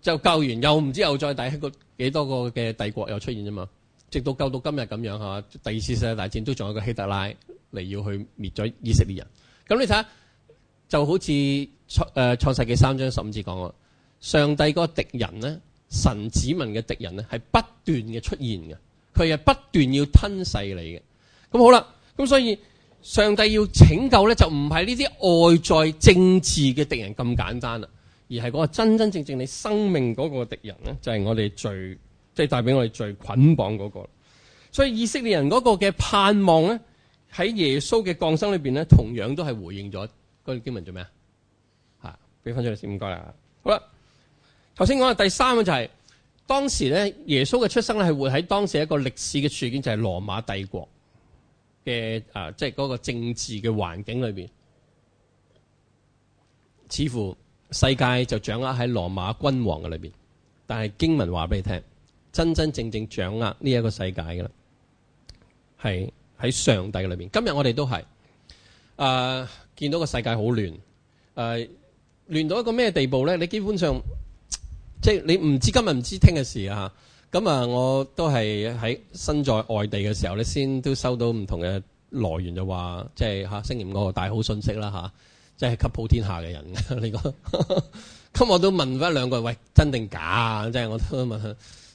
就救完又唔知又再第一個幾多個嘅帝國又出現啫嘛？直到救到今日咁樣嚇，第二次世界大戰都仲有一個希特拉嚟要去滅咗以色列人。咁你睇下，就好似創誒創世記三章十五節講喎，上帝個敵人呢，神子民嘅敵人呢，係不斷嘅出現嘅。佢係不斷要吞噬你嘅，咁好啦，咁所以上帝要拯救咧，就唔係呢啲外在政治嘅敵人咁簡單啦，而係嗰個真真正正你生命嗰個敵人咧，就係、是、我哋最，即係帶俾我哋最捆綁嗰、那個。所以以色列人嗰個嘅盼望咧，喺耶穌嘅降生裏邊咧，同樣都係回應咗。嗰、那、段、個、經文做咩啊？吓，俾翻出嚟先，唔該啦。好啦，頭先講嘅第三個就係、是。當時咧，耶穌嘅出生咧係活喺當時一個歷史嘅處境，就係、是、羅馬帝國嘅誒，即係嗰個政治嘅環境裏邊，似乎世界就掌握喺羅馬君王嘅裏邊。但係經文話俾你聽，真真正正掌握呢一個世界嘅啦，係喺上帝嘅裏邊。今日我哋都係誒見到個世界好亂，誒、呃、亂到一個咩地步咧？你基本上。即係你唔知今日唔知聽日嘅事啊！咁啊，我都係喺身在外地嘅時候咧，你先都收到唔同嘅來源就，就話即係嚇，聲言嗰個大好訊息啦吓、啊，即係吸普天下嘅人你講。咁我都問翻兩句，喂真定假啊？即、就、係、是、我都問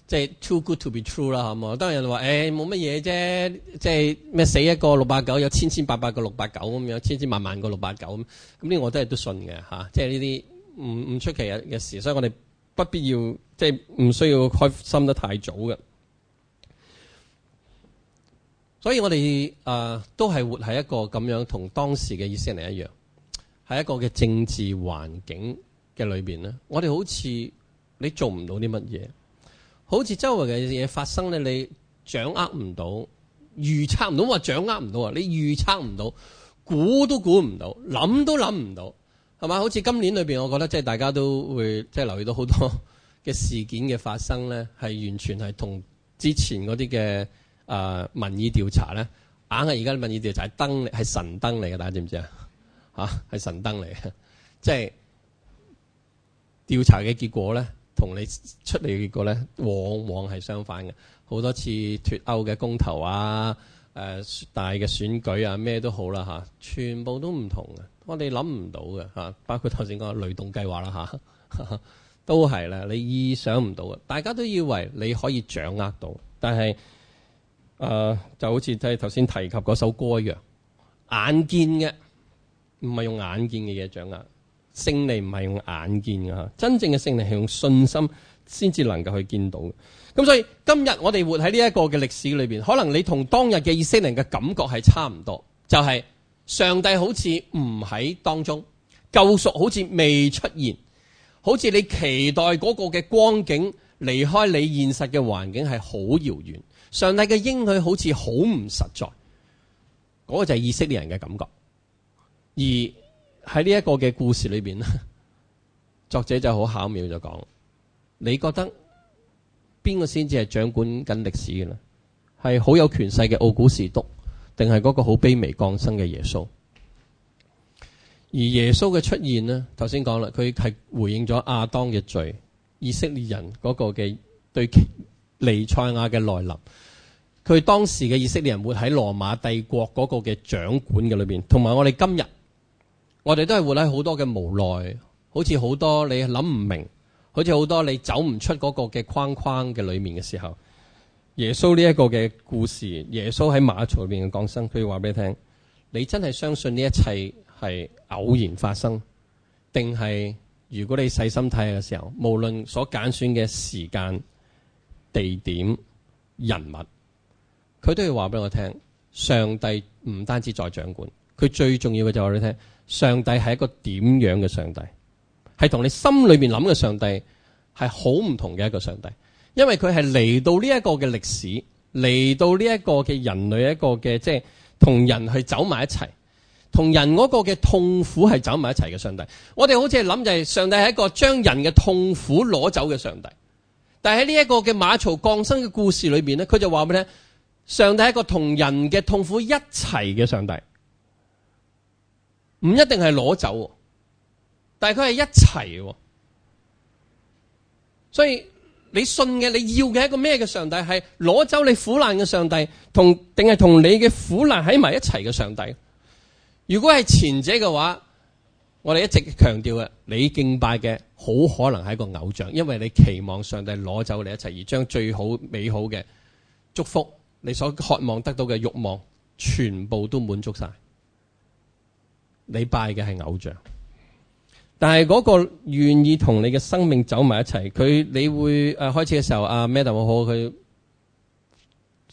即係、就是、too good to be true 啦，係啊，當然、欸、就話誒冇乜嘢啫，即係咩死一個六八九，有千千八百個六八九咁樣，千千萬萬個六八九咁。咁呢，我都係都信嘅吓、啊，即係呢啲唔唔出奇嘅嘅事，所以我哋。不必要，即係唔需要開心得太早嘅。所以我哋啊、呃，都係活喺一個咁樣，同當時嘅以色列一樣，喺一個嘅政治環境嘅裏邊咧。我哋好似你做唔到啲乜嘢，好似周圍嘅嘢發生咧，你掌握唔到，預測唔到，話掌握唔到啊，你預測唔到，估都估唔到，諗都諗唔到。想係嘛？好似今年裏邊，我覺得即係大家都會即係留意到好多嘅事件嘅發生咧，係完全係同之前嗰啲嘅誒民意調查咧，硬係而家民意調查係燈係神燈嚟嘅，大家知唔知啊？嚇係神燈嚟嘅，即係調查嘅結果咧，同你出嚟嘅結果咧，往往係相反嘅。好多次脫歐嘅公投啊，誒大嘅選舉啊，咩都好啦嚇，全部都唔同嘅。我哋諗唔到嘅，包括頭先講雷動計劃啦，都係啦，你意想唔到嘅，大家都以為你可以掌握到，但係、呃，就好似即係頭先提及嗰首歌一樣，眼見嘅，唔係用眼見嘅嘢掌握勝利，唔係用眼見嘅，真正嘅勝利係用信心先至能夠去見到。咁所以今日我哋活喺呢一個嘅歷史裏面，可能你同當日嘅以色列人嘅感覺係差唔多，就係、係。上帝好似唔喺當中，救贖好似未出現，好似你期待嗰個嘅光景離開你現實嘅環境係好遙遠，上帝嘅應許好似好唔實在，嗰、嗰個就係以色列人嘅感覺。而喺呢一個嘅故事裏邊呢，作者就好巧妙就講，你覺得邊個先至係掌管緊歷史嘅呢？係好有權勢嘅奧古士督。」定係嗰個好卑微降生嘅耶穌，而耶穌嘅出現呢，頭先講啦，佢係回應咗亞當嘅罪，以色列人嗰個嘅對彌賽亞嘅來臨，佢當時嘅以色列人活喺羅馬帝國嗰個嘅掌管嘅裏面。同埋我哋今日，我哋都係活喺好多嘅無奈，好似好多你諗唔明，好似好多你走唔出嗰個嘅框框嘅裏面嘅時候。耶穌呢一個嘅故事，耶穌喺馬槽裏面降生，佢要話俾你聽，你真係相信呢一切係偶然發生，定係如果你細心睇嘅時候，無論所揀選嘅時間、地點、人物，佢都要話俾我聽，上帝唔單止在掌管，佢最重要嘅就話你聽，上帝係一個點樣嘅上帝，係同你心裏面諗嘅上帝係好唔同嘅一個上帝。因為佢係嚟到呢一個嘅歷史，嚟到呢一個嘅人類一個嘅，即係同人去走埋一齊，同人嗰個嘅痛苦係走埋一齊嘅上帝。我哋好似係諗就係上帝係一個將人嘅痛苦攞走嘅上帝。但係喺呢一個嘅馬槽降生嘅故事裏邊呢，佢就話俾你聽：上帝係一個同人嘅痛苦一齊嘅上帝，唔一定係攞走，但係佢係一齊，所以。你信嘅，你要嘅係一個咩嘅上帝？係攞走你苦難嘅上帝，同定係同你嘅苦難喺埋一齊嘅上帝？如果係前者嘅話，我哋一直強調嘅，你敬拜嘅好可能係一個偶像，因為你期望上帝攞走你一齊，而將最好、美好嘅祝福，你所渴望得到嘅慾望，全部都滿足晒。你拜嘅係偶像。但係嗰個願意同你嘅生命走埋一齊，佢你會誒、啊、開始嘅時候，阿 Madam 好好佢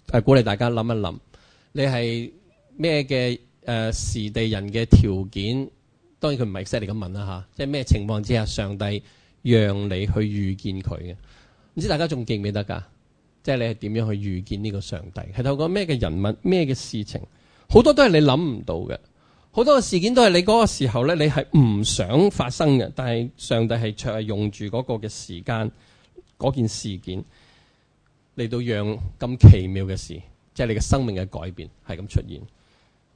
誒鼓勵大家諗一諗，你係咩嘅誒時地人嘅條件，當然佢唔係犀利咁問啦吓，即係咩情況之下上帝讓你去遇見佢嘅？唔知大家仲記唔記得噶？即係你係點樣去遇見呢個上帝？係透過咩嘅人物、咩嘅事情，好多都係你諗唔到嘅。好多嘅事件都係你嗰個時候呢，你係唔想發生嘅，但係上帝係確係用住嗰個嘅時間，嗰件事件嚟到讓咁奇妙嘅事，即係你嘅生命嘅改變係咁出現。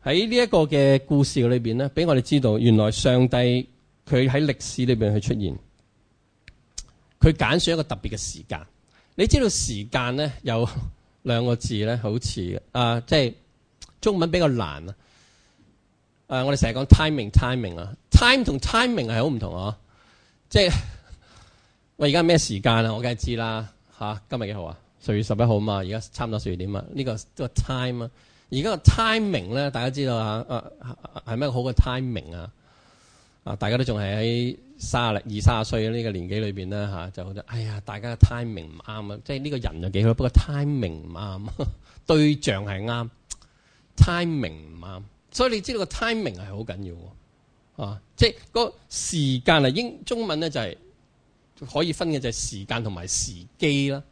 喺呢一個嘅故事裏邊呢，俾我哋知道，原來上帝佢喺歷史裏邊去出現，佢揀選一個特別嘅時間。你知道時間呢，有兩個字呢，好似啊，即係中文比較難啊。誒、呃，我哋成日講 timing，timing 啊，time 同 timing 係好唔同啊！即係喂，而家咩時間啊？我梗係知啦吓、啊，今日幾號啊？十月十一號啊嘛，而家差唔多四點啊。呢、這個、這個 time 啊，而家個 timing 咧，大家知道嚇誒係咩好嘅 timing 啊？啊，大家都仲係喺卅廿、二卅歲呢個年紀裏邊啦吓，就覺得哎呀，大家嘅 timing 唔啱啊！即係呢個人就幾好，不過 timing 唔啱，對象係啱，timing 唔啱。所以你知道個 timing 係好緊要喎，啊，即係個時間啊，英中文咧就係可以分嘅就係時間同埋時機啦。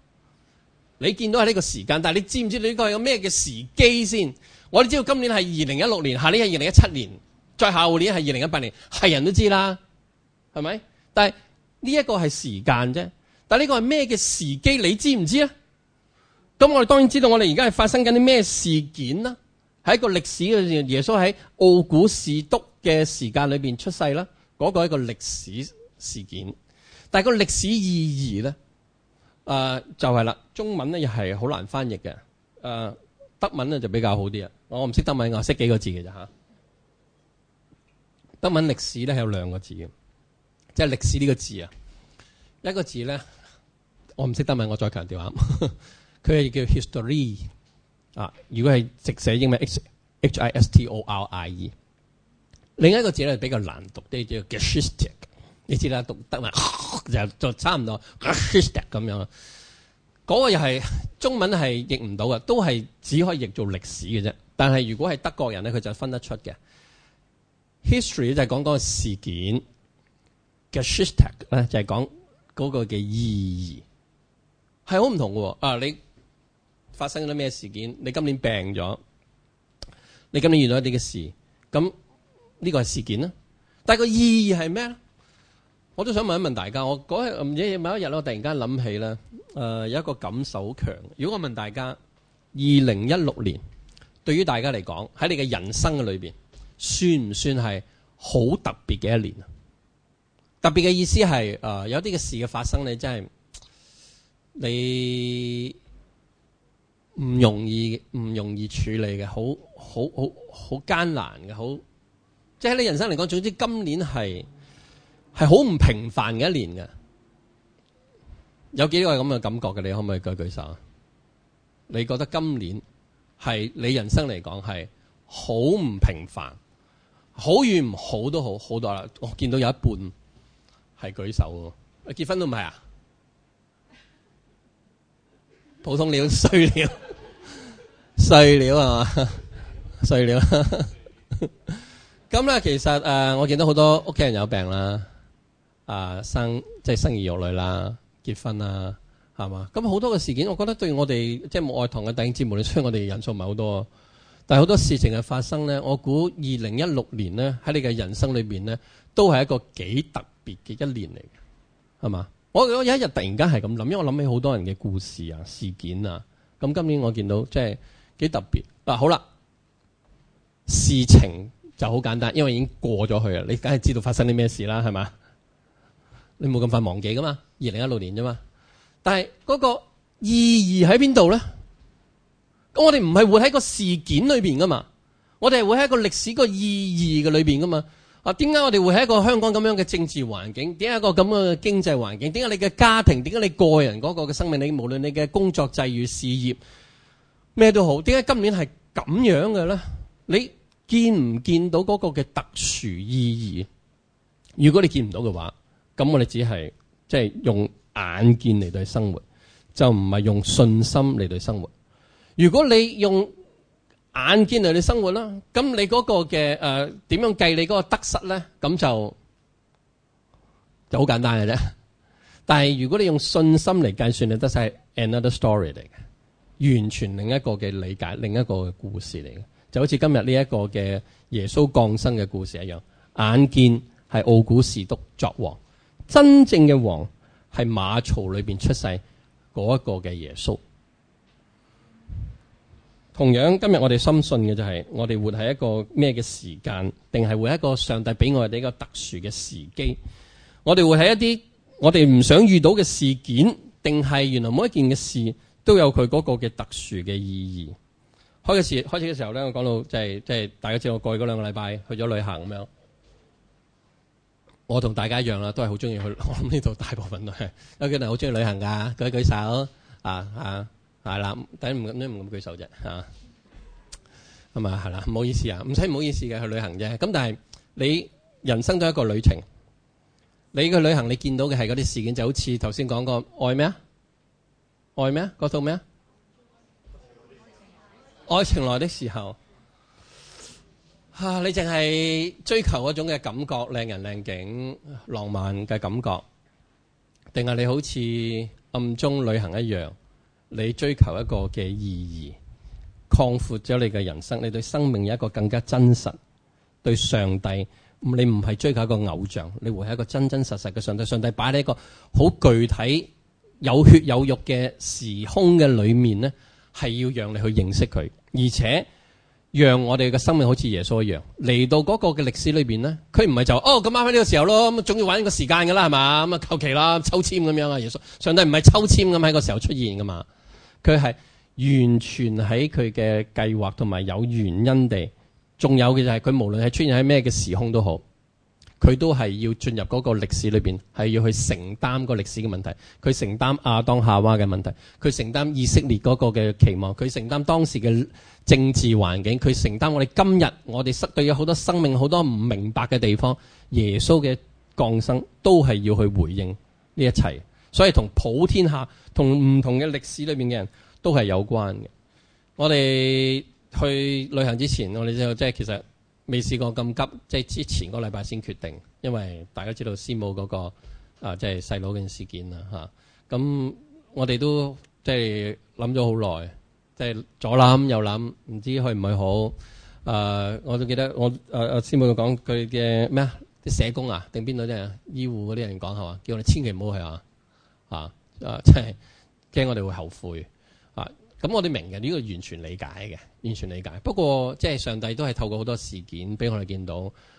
你見到係呢個時間，但係你知唔知呢個係個咩嘅時機先？我哋知道今年係二零一六年，下年係二零一七年，再後年係二零一八年，係人都知啦，係咪？但係呢一個係時間啫，但係呢個係咩嘅時機？你知唔知啊？咁我哋當然知道我哋而家係發生緊啲咩事件啦。喺一個歷史嘅耶穌喺奧古士督嘅時間裏邊出世啦，嗰、個係一個歷史事件。但係個歷史意義咧，誒、呃、就係、是、啦。中文咧又係好難翻譯嘅。誒、呃、德文咧就比較好啲啊。我唔識德文，我識幾個字嘅咋吓？德文歷史咧有兩個字嘅，即、就、係、是、歷史呢個字啊。一個字咧，我唔識德文，我再強調下，佢 係叫 History。啊！如果係直寫英文 h-h-i-s-t-o-r-i-e，另一個字咧比較難讀啲叫 g i s t r i c 你知啦，讀德文就就差唔多 g i s t r i c 咁樣。嗰、那個又係中文係譯唔到嘅，都係只可以譯做歷史嘅啫。但係如果係德國人咧，佢就分得出嘅。history 就係講嗰個事件 g i s t r i c 咧就係、是、講嗰個嘅意義，係好唔同嘅喎。啊，你～發生咗咩事件？你今年病咗，你今年遇到一啲嘅事，咁呢個係事件呢？但係個意義係咩咧？我都想問一問大家。我嗰日唔知某一日我突然間諗起咧，誒、呃、有一個感受好強。如果我問大家，二零一六年對於大家嚟講，喺你嘅人生嘅裏邊，算唔算係好特別嘅一年啊？特別嘅意思係誒、呃、有啲嘅事嘅發生咧，你真係你。唔容易，唔容易處理嘅，好好好好艱難嘅，好，即係喺你人生嚟講，總之今年係係好唔平凡嘅一年嘅，有幾個係咁嘅感覺嘅？你可唔可以舉舉手啊？你覺得今年係你人生嚟講係好唔平凡，好與唔好都好好多啦。我見到有一半係舉手喎。結婚都唔係啊？普通料，碎料，碎料啊嘛，碎料。咁咧，其實誒，我見到好多屋企人有病啦，誒生即係、就是、生兒育女啦，結婚啦，係嘛？咁好多嘅事件，我覺得對我哋即係冇愛堂嘅弟兄姊妹，雖然我哋人數唔係好多，但係好多事情嘅發生咧。我估二零一六年咧，喺你嘅人生裏邊咧，都係一個幾特別嘅一年嚟嘅，係嘛？我有一日突然間係咁諗，因為我諗起好多人嘅故事啊、事件啊。咁今年我見到即係幾特別。嗱、啊、好啦，事情就好簡單，因為已經過咗去啦，你梗係知道發生啲咩事啦，係嘛？你冇咁快忘記噶嘛？二零一六年啫嘛。但係嗰個意義喺邊度咧？咁我哋唔係會喺個事件裏邊噶嘛，我哋係會喺個歷史個意義嘅裏邊噶嘛。啊！點解我哋會喺一個香港咁樣嘅政治環境？點解一個咁嘅經濟環境？點解你嘅家庭？點解你個人嗰個嘅生命？你無論你嘅工作、際遇、事業，咩都好？點解今年係咁樣嘅咧？你見唔見到嗰個嘅特殊意義？如果你見唔到嘅話，咁我哋只係即係用眼見嚟對生活，就唔係用信心嚟對生活。如果你用，眼見你生活啦，咁你嗰個嘅誒，點、呃、樣計你個得失咧？咁就就好簡單嘅啫。但係如果你用信心嚟計算你得晒係 another story 嚟嘅，完全另一個嘅理解，另一個嘅故事嚟嘅，就好似今日呢一個嘅耶穌降生嘅故事一樣。眼見係奧古士督作王，真正嘅王係馬槽裏邊出世嗰一個嘅耶穌。同樣，今日我哋深信嘅就係，我哋活喺一個咩嘅時間，定係活喺一個上帝俾我哋一個特殊嘅時機？我哋會喺一啲我哋唔想遇到嘅事件，定係原來每一件嘅事都有佢嗰個嘅特殊嘅意義？開嘅時，開始嘅時候咧，我講到即係即係大家知，我過去嗰兩個禮拜去咗旅行咁樣。我同大家一樣啦，都係好中意去。我諗呢度大部分都係，因為佢哋好中意旅行噶。舉一舉手啊啊！啊係啦，等唔咁都唔咁舉手啫嚇，咁啊係啦，唔好意思啊，唔使唔好意思嘅去旅行啫。咁但係你人生都係一個旅程，你去旅行你見到嘅係嗰啲事件，就好似頭先講過愛咩啊？愛咩啊？嗰套咩啊？愛情來的時候，嚇、啊、你淨係追求嗰種嘅感覺，靚人靚景、浪漫嘅感覺，定係你好似暗中旅行一樣？你追求一個嘅意義，擴闊咗你嘅人生，你對生命有一個更加真實。對上帝，你唔係追求一個偶像，你會係一個真真實實嘅上帝。上帝擺喺一個好具體、有血有肉嘅時空嘅裏面，呢係要讓你去認識佢，而且讓我哋嘅生命好似耶穌一樣，嚟到嗰個嘅歷史裏邊，呢佢唔係就哦，咁啱喺呢個時候咯，咁總要玩一個時間噶啦係嘛，咁啊求其啦抽簽咁樣啊，耶穌上帝唔係抽簽咁喺個時候出現噶嘛。佢係完全喺佢嘅計劃同埋有原因地，仲有嘅就係佢無論係出現喺咩嘅時空都好，佢都係要進入嗰個歷史裏邊，係要去承擔個歷史嘅問題。佢承擔亞當夏娃嘅問題，佢承擔以色列嗰個嘅期望，佢承擔當時嘅政治環境，佢承擔我哋今日我哋失對咗好多生命好多唔明白嘅地方，耶穌嘅降生都係要去回應呢一切。所以同普天下跟不同唔同嘅歷史裏邊嘅人都係有關嘅。我哋去旅行之前，我哋就即係其實未試過咁急，即、就、係、是、之前個禮拜先決定，因為大家知道師母嗰、那個啊，即係細佬嗰件事件啦嚇。咁、啊、我哋都即係諗咗好耐，即、就、係、是就是、左諗右諗，唔知去唔去好。誒、啊，我仲記得我誒、啊、師母講佢嘅咩啊？啲社工啊，定邊度啲人醫護嗰啲人講嚇嘛，叫我哋千祈唔好去嚇。啊，即係驚我哋會後悔啊！咁我哋明嘅，呢個完全理解嘅，完全理解。不過即係上帝都係透過好多事件，俾我哋見到，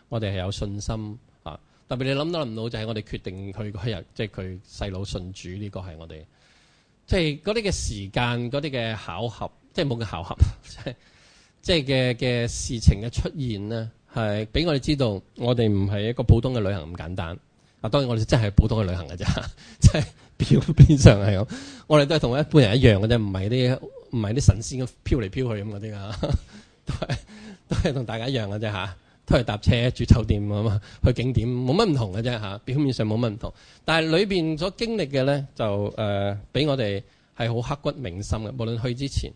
我哋係有信心啊！特別你諗都諗唔到就，就係我哋決定佢嗰日，即係佢細佬信主呢個係我哋，即係嗰啲嘅時間、嗰啲嘅巧合，即係冇嘅巧合，即係即係嘅嘅事情嘅出現呢，係俾我哋知道，我哋唔係一個普通嘅旅行咁簡單。啊，當然我哋真係普通嘅旅行嘅啫，即係。表面上係咁，我哋都係同一般人一樣嘅啫，唔係啲唔係啲神仙咁飄嚟飄去咁嗰啲啊，都係都係同大家一樣嘅啫嚇，都係搭車住酒店啊嘛，去景點冇乜唔同嘅啫嚇。表面上冇乜唔同，但係裏邊所經歷嘅咧，就誒俾、呃、我哋係好刻骨銘心嘅。無論去之前，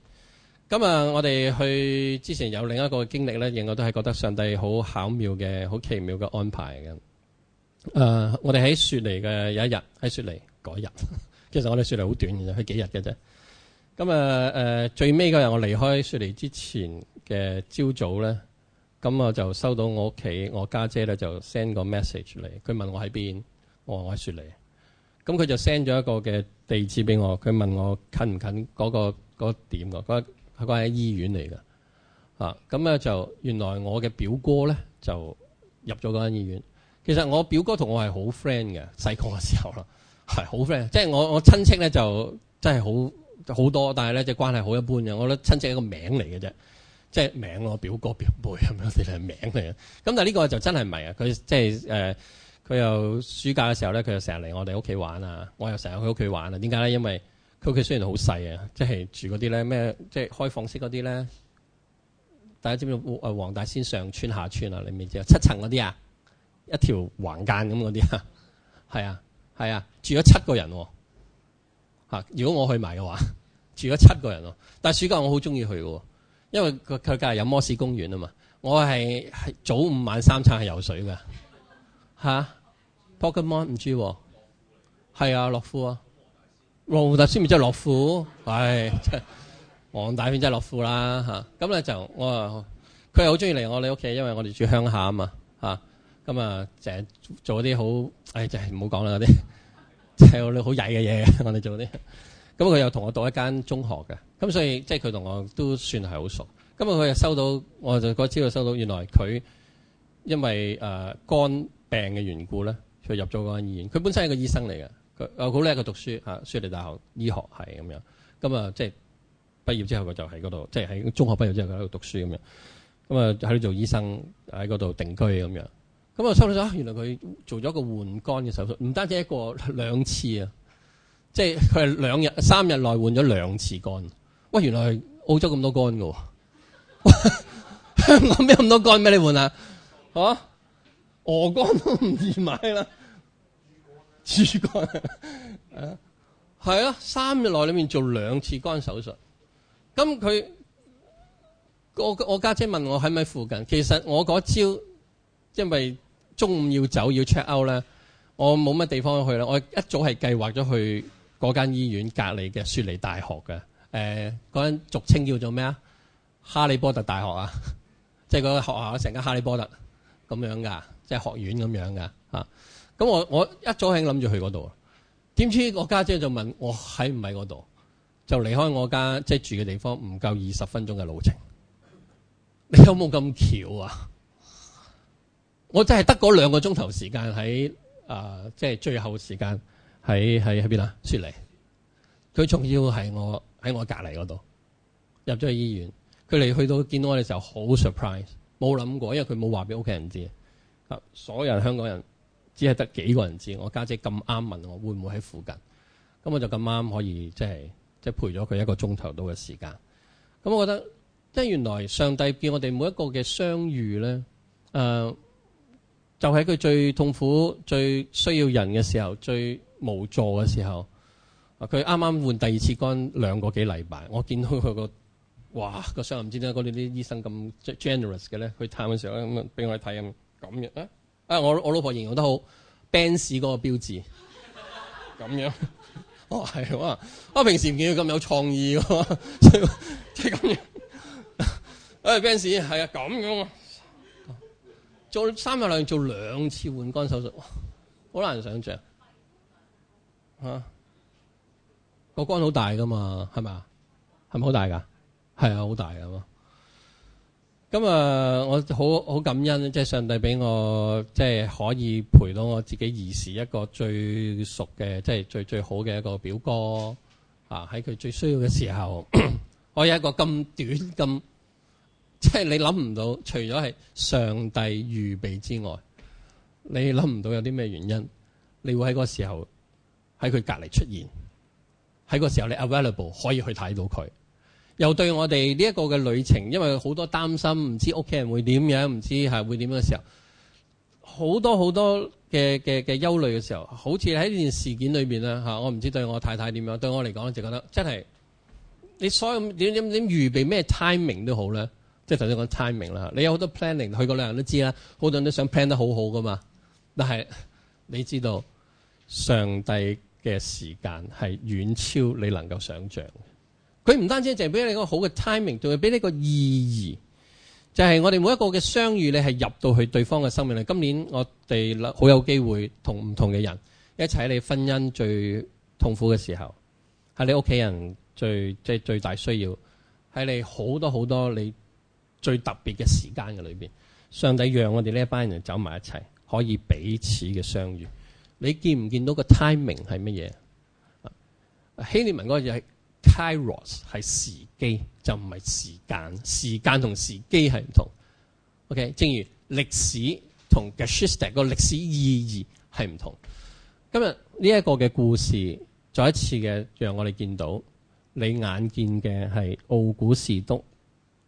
今日我哋去之前有另一個經歷咧，令我都係覺得上帝好巧妙嘅，好奇妙嘅安排嘅。誒、呃，我哋喺雪梨嘅有一日喺雪梨。嗰日。其實我哋雪梨好短嘅，就係幾日嘅啫。咁啊，誒、呃、最尾嗰日，我離開雪梨之前嘅朝早咧，咁我就收到我屋企我家姐咧就 send 個 message 嚟。佢問我喺邊，我話我喺雪梨。咁佢就 send 咗一個嘅地址俾我。佢問我近唔近嗰、嗰個個點㗎？嗰係醫院嚟㗎啊。咁咧就原來我嘅表哥咧就入咗嗰間醫院。其實我表哥同我係好 friend 嘅，細個嘅時候啦。係好 friend，即係我我親戚咧就真係好好多，但係咧就關係好一般嘅。我覺得親戚係一個名嚟嘅啫，即係名我表哥表妹咁樣你係名嚟嘅。咁但係呢個就真係唔係啊！佢即係佢、呃、又暑假嘅時候咧，佢又成日嚟我哋屋企玩啊！我又成日去屋企玩啊！點解咧？因為佢屋企雖然好細啊，即係住嗰啲咧咩，即係開放式嗰啲咧。大家知唔知誒？黃大仙上村下村啊，你未知啊？七層嗰啲啊，一條橫間咁嗰啲啊，係啊。係啊，住咗七個人喎，如果我去埋嘅話，住咗七個人喎。但係暑假我好中意去嘅喎，因為佢佢隔日有摩士公園啊嘛。我係係早午晚三餐係游水嘅，嚇、 啊。Pokemon 唔知喎，係 啊，樂富啊 是是落、哎，黃大仙咪即係樂富，係即黃大仙真係樂富啦嚇。咁咧就我佢係好中意嚟我哋屋企，因為我哋住鄉下啊嘛嚇。咁啊，成做啲好，唉，就係唔好講啦。嗰、哎、啲就係我哋好曳嘅嘢。我哋做啲咁，佢、嗯、又同我讀一間中學嘅。咁所以即係佢同我都算係好熟。咁、嗯、啊，佢又收到，我就嗰朝收到，原來佢因為誒、呃、肝病嘅緣故咧，佢入咗嗰間醫院。佢本身係個醫生嚟嘅，佢好叻，佢讀書嚇，蘇黎世大學醫學系咁樣。咁、嗯、啊，即、嗯、係、就是、畢業之後佢就喺嗰度，即係喺中學畢業之後佢喺度讀書咁樣。咁、嗯、啊，喺度做醫生，喺嗰度定居咁樣。嗯咁我收到咗，原來佢做咗個換肝嘅手術，唔單止一個兩次啊，即係佢係兩日三日內換咗兩次肝。喂，原來澳洲咁多肝噶喎，香港咩咁多肝畀你換啊？吓？鵝肝都唔易買啦，豬肝，係啊，三日內裏面做兩次肝手術。咁佢我我家姐問我喺咪附近，其實我嗰朝。因為中午要走要 check out 啦，我冇乜地方去啦。我一早係計劃咗去嗰間醫院隔離嘅雪梨大學嘅，誒嗰間俗稱叫做咩啊？哈利波特大學啊，即係嗰個學校成間哈利波特咁樣噶，即係學院咁樣噶嚇。咁、啊、我我一早係諗住去嗰度，點知我家姐，姐就問我喺唔喺嗰度，就離開我家即係、就是、住嘅地方唔夠二十分鐘嘅路程，你有冇咁巧啊？我真係得嗰兩個鐘頭時，時間喺即係最後時間喺喺喺邊啦？雪梨。佢仲要係我喺我隔離嗰度入咗去醫院。佢嚟去到見到我嘅時候，好 surprise，冇諗過，因為佢冇話俾屋企人知啊。所有人香港人只係得幾個人知，我家姐咁啱問我會唔會喺附近咁，我就咁啱可以即係即係陪咗佢一個鐘頭到嘅時間。咁我覺得即係原來上帝見我哋每一個嘅相遇咧，呃就喺、是、佢最痛苦、最需要人嘅時候、最無助嘅時候，佢啱啱換第二次肝兩個幾禮拜，我見到佢個，哇個傷唔知點解嗰啲醫生咁 generous 嘅咧，佢探嘅時候咁俾我睇咁樣啊啊、欸欸、我我老婆形容得好 Benz 嗰個標誌，咁樣，哦係喎、啊，我平時唔見佢咁有創意喎，即係咁樣，誒、欸、Benz 係啊咁樣喎、啊。做三日兩夜做兩次換肝手術，好難想象嚇。個肝好大噶嘛，係咪啊？係咪好大噶？係啊，好大噶嘛。咁啊，我好好感恩，即係上帝俾我，即係可以陪到我自己兒時一個最熟嘅，即係最最好嘅一個表哥。啊，喺佢最需要嘅時候， 我有一個咁短咁。即係你諗唔到，除咗係上帝預備之外，你諗唔到有啲咩原因，你會喺嗰時候喺佢隔離出現，喺嗰時候你 available 可以去睇到佢。又對我哋呢一個嘅旅程，因為好多擔心，唔知屋企人會點樣，唔知係會點樣嘅時候，好多好多嘅嘅嘅憂慮嘅時候，好似喺呢件事件裏面咧嚇，我唔知對我太太點樣，對我嚟講就覺得真係你所有點點點預備咩 timing 都好咧。即係頭先講 timing 啦。你有好多 planning，佢個兩人都知啦。好多人都想 plan 得好好噶嘛。但係你知道上帝嘅時間係遠超你能夠想象嘅。佢唔單止淨係俾你一個好嘅 timing，仲係俾你一個意義，就係、是、我哋每一個嘅相遇，你係入到去對方嘅生命裏，今年我哋好有機會同唔同嘅人一齊喺你婚姻最痛苦嘅時候，係你屋企人最即係、就是、最大需要，喺你好多好多你。最特別嘅時間嘅裏邊，上帝讓我哋呢一班人走埋一齊，可以彼此嘅相遇。你見唔見到個 timing 係乜嘢？希臘文嗰個字係 Kairos，係時機，就唔係時間。時間同時機係唔同。OK，正如歷史同 Geschichte 個歷史意義係唔同。今日呢一個嘅故事，再一次嘅讓我哋見到，你眼見嘅係奧古士都。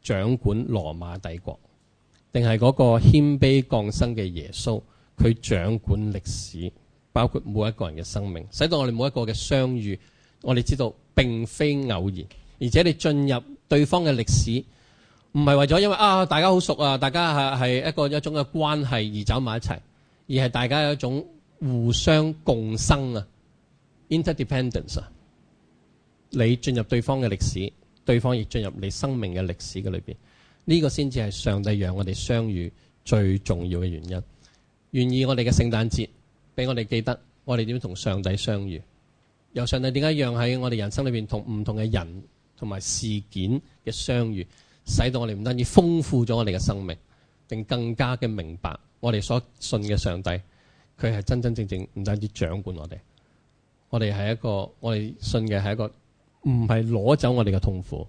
掌管羅馬帝國，定係嗰個謙卑降生嘅耶穌，佢掌管歷史，包括每一個人嘅生命，使到我哋每一個嘅相遇，我哋知道並非偶然，而且你進入對方嘅歷史，唔係為咗因為啊大家好熟啊，大家係係一個一種嘅關係而走埋一齊，而係大家有一種互相共生啊，Interdependence 啊，你進入對方嘅歷史。對方亦進入你生命嘅歷史嘅裏邊，呢、這個先至係上帝讓我哋相遇最重要嘅原因。願意我哋嘅聖誕節俾我哋記得，我哋點樣同上帝相遇？由上帝點解讓喺我哋人生裏邊同唔同嘅人同埋事件嘅相遇，使到我哋唔單止豐富咗我哋嘅生命，並更加嘅明白我哋所信嘅上帝，佢係真真正正唔單止掌管我哋，我哋係一個，我哋信嘅係一個。唔係攞走我哋嘅痛苦，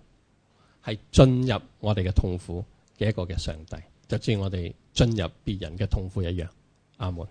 係進入我哋嘅痛苦嘅一個嘅上帝，就似我哋進入別人嘅痛苦一樣。阿門。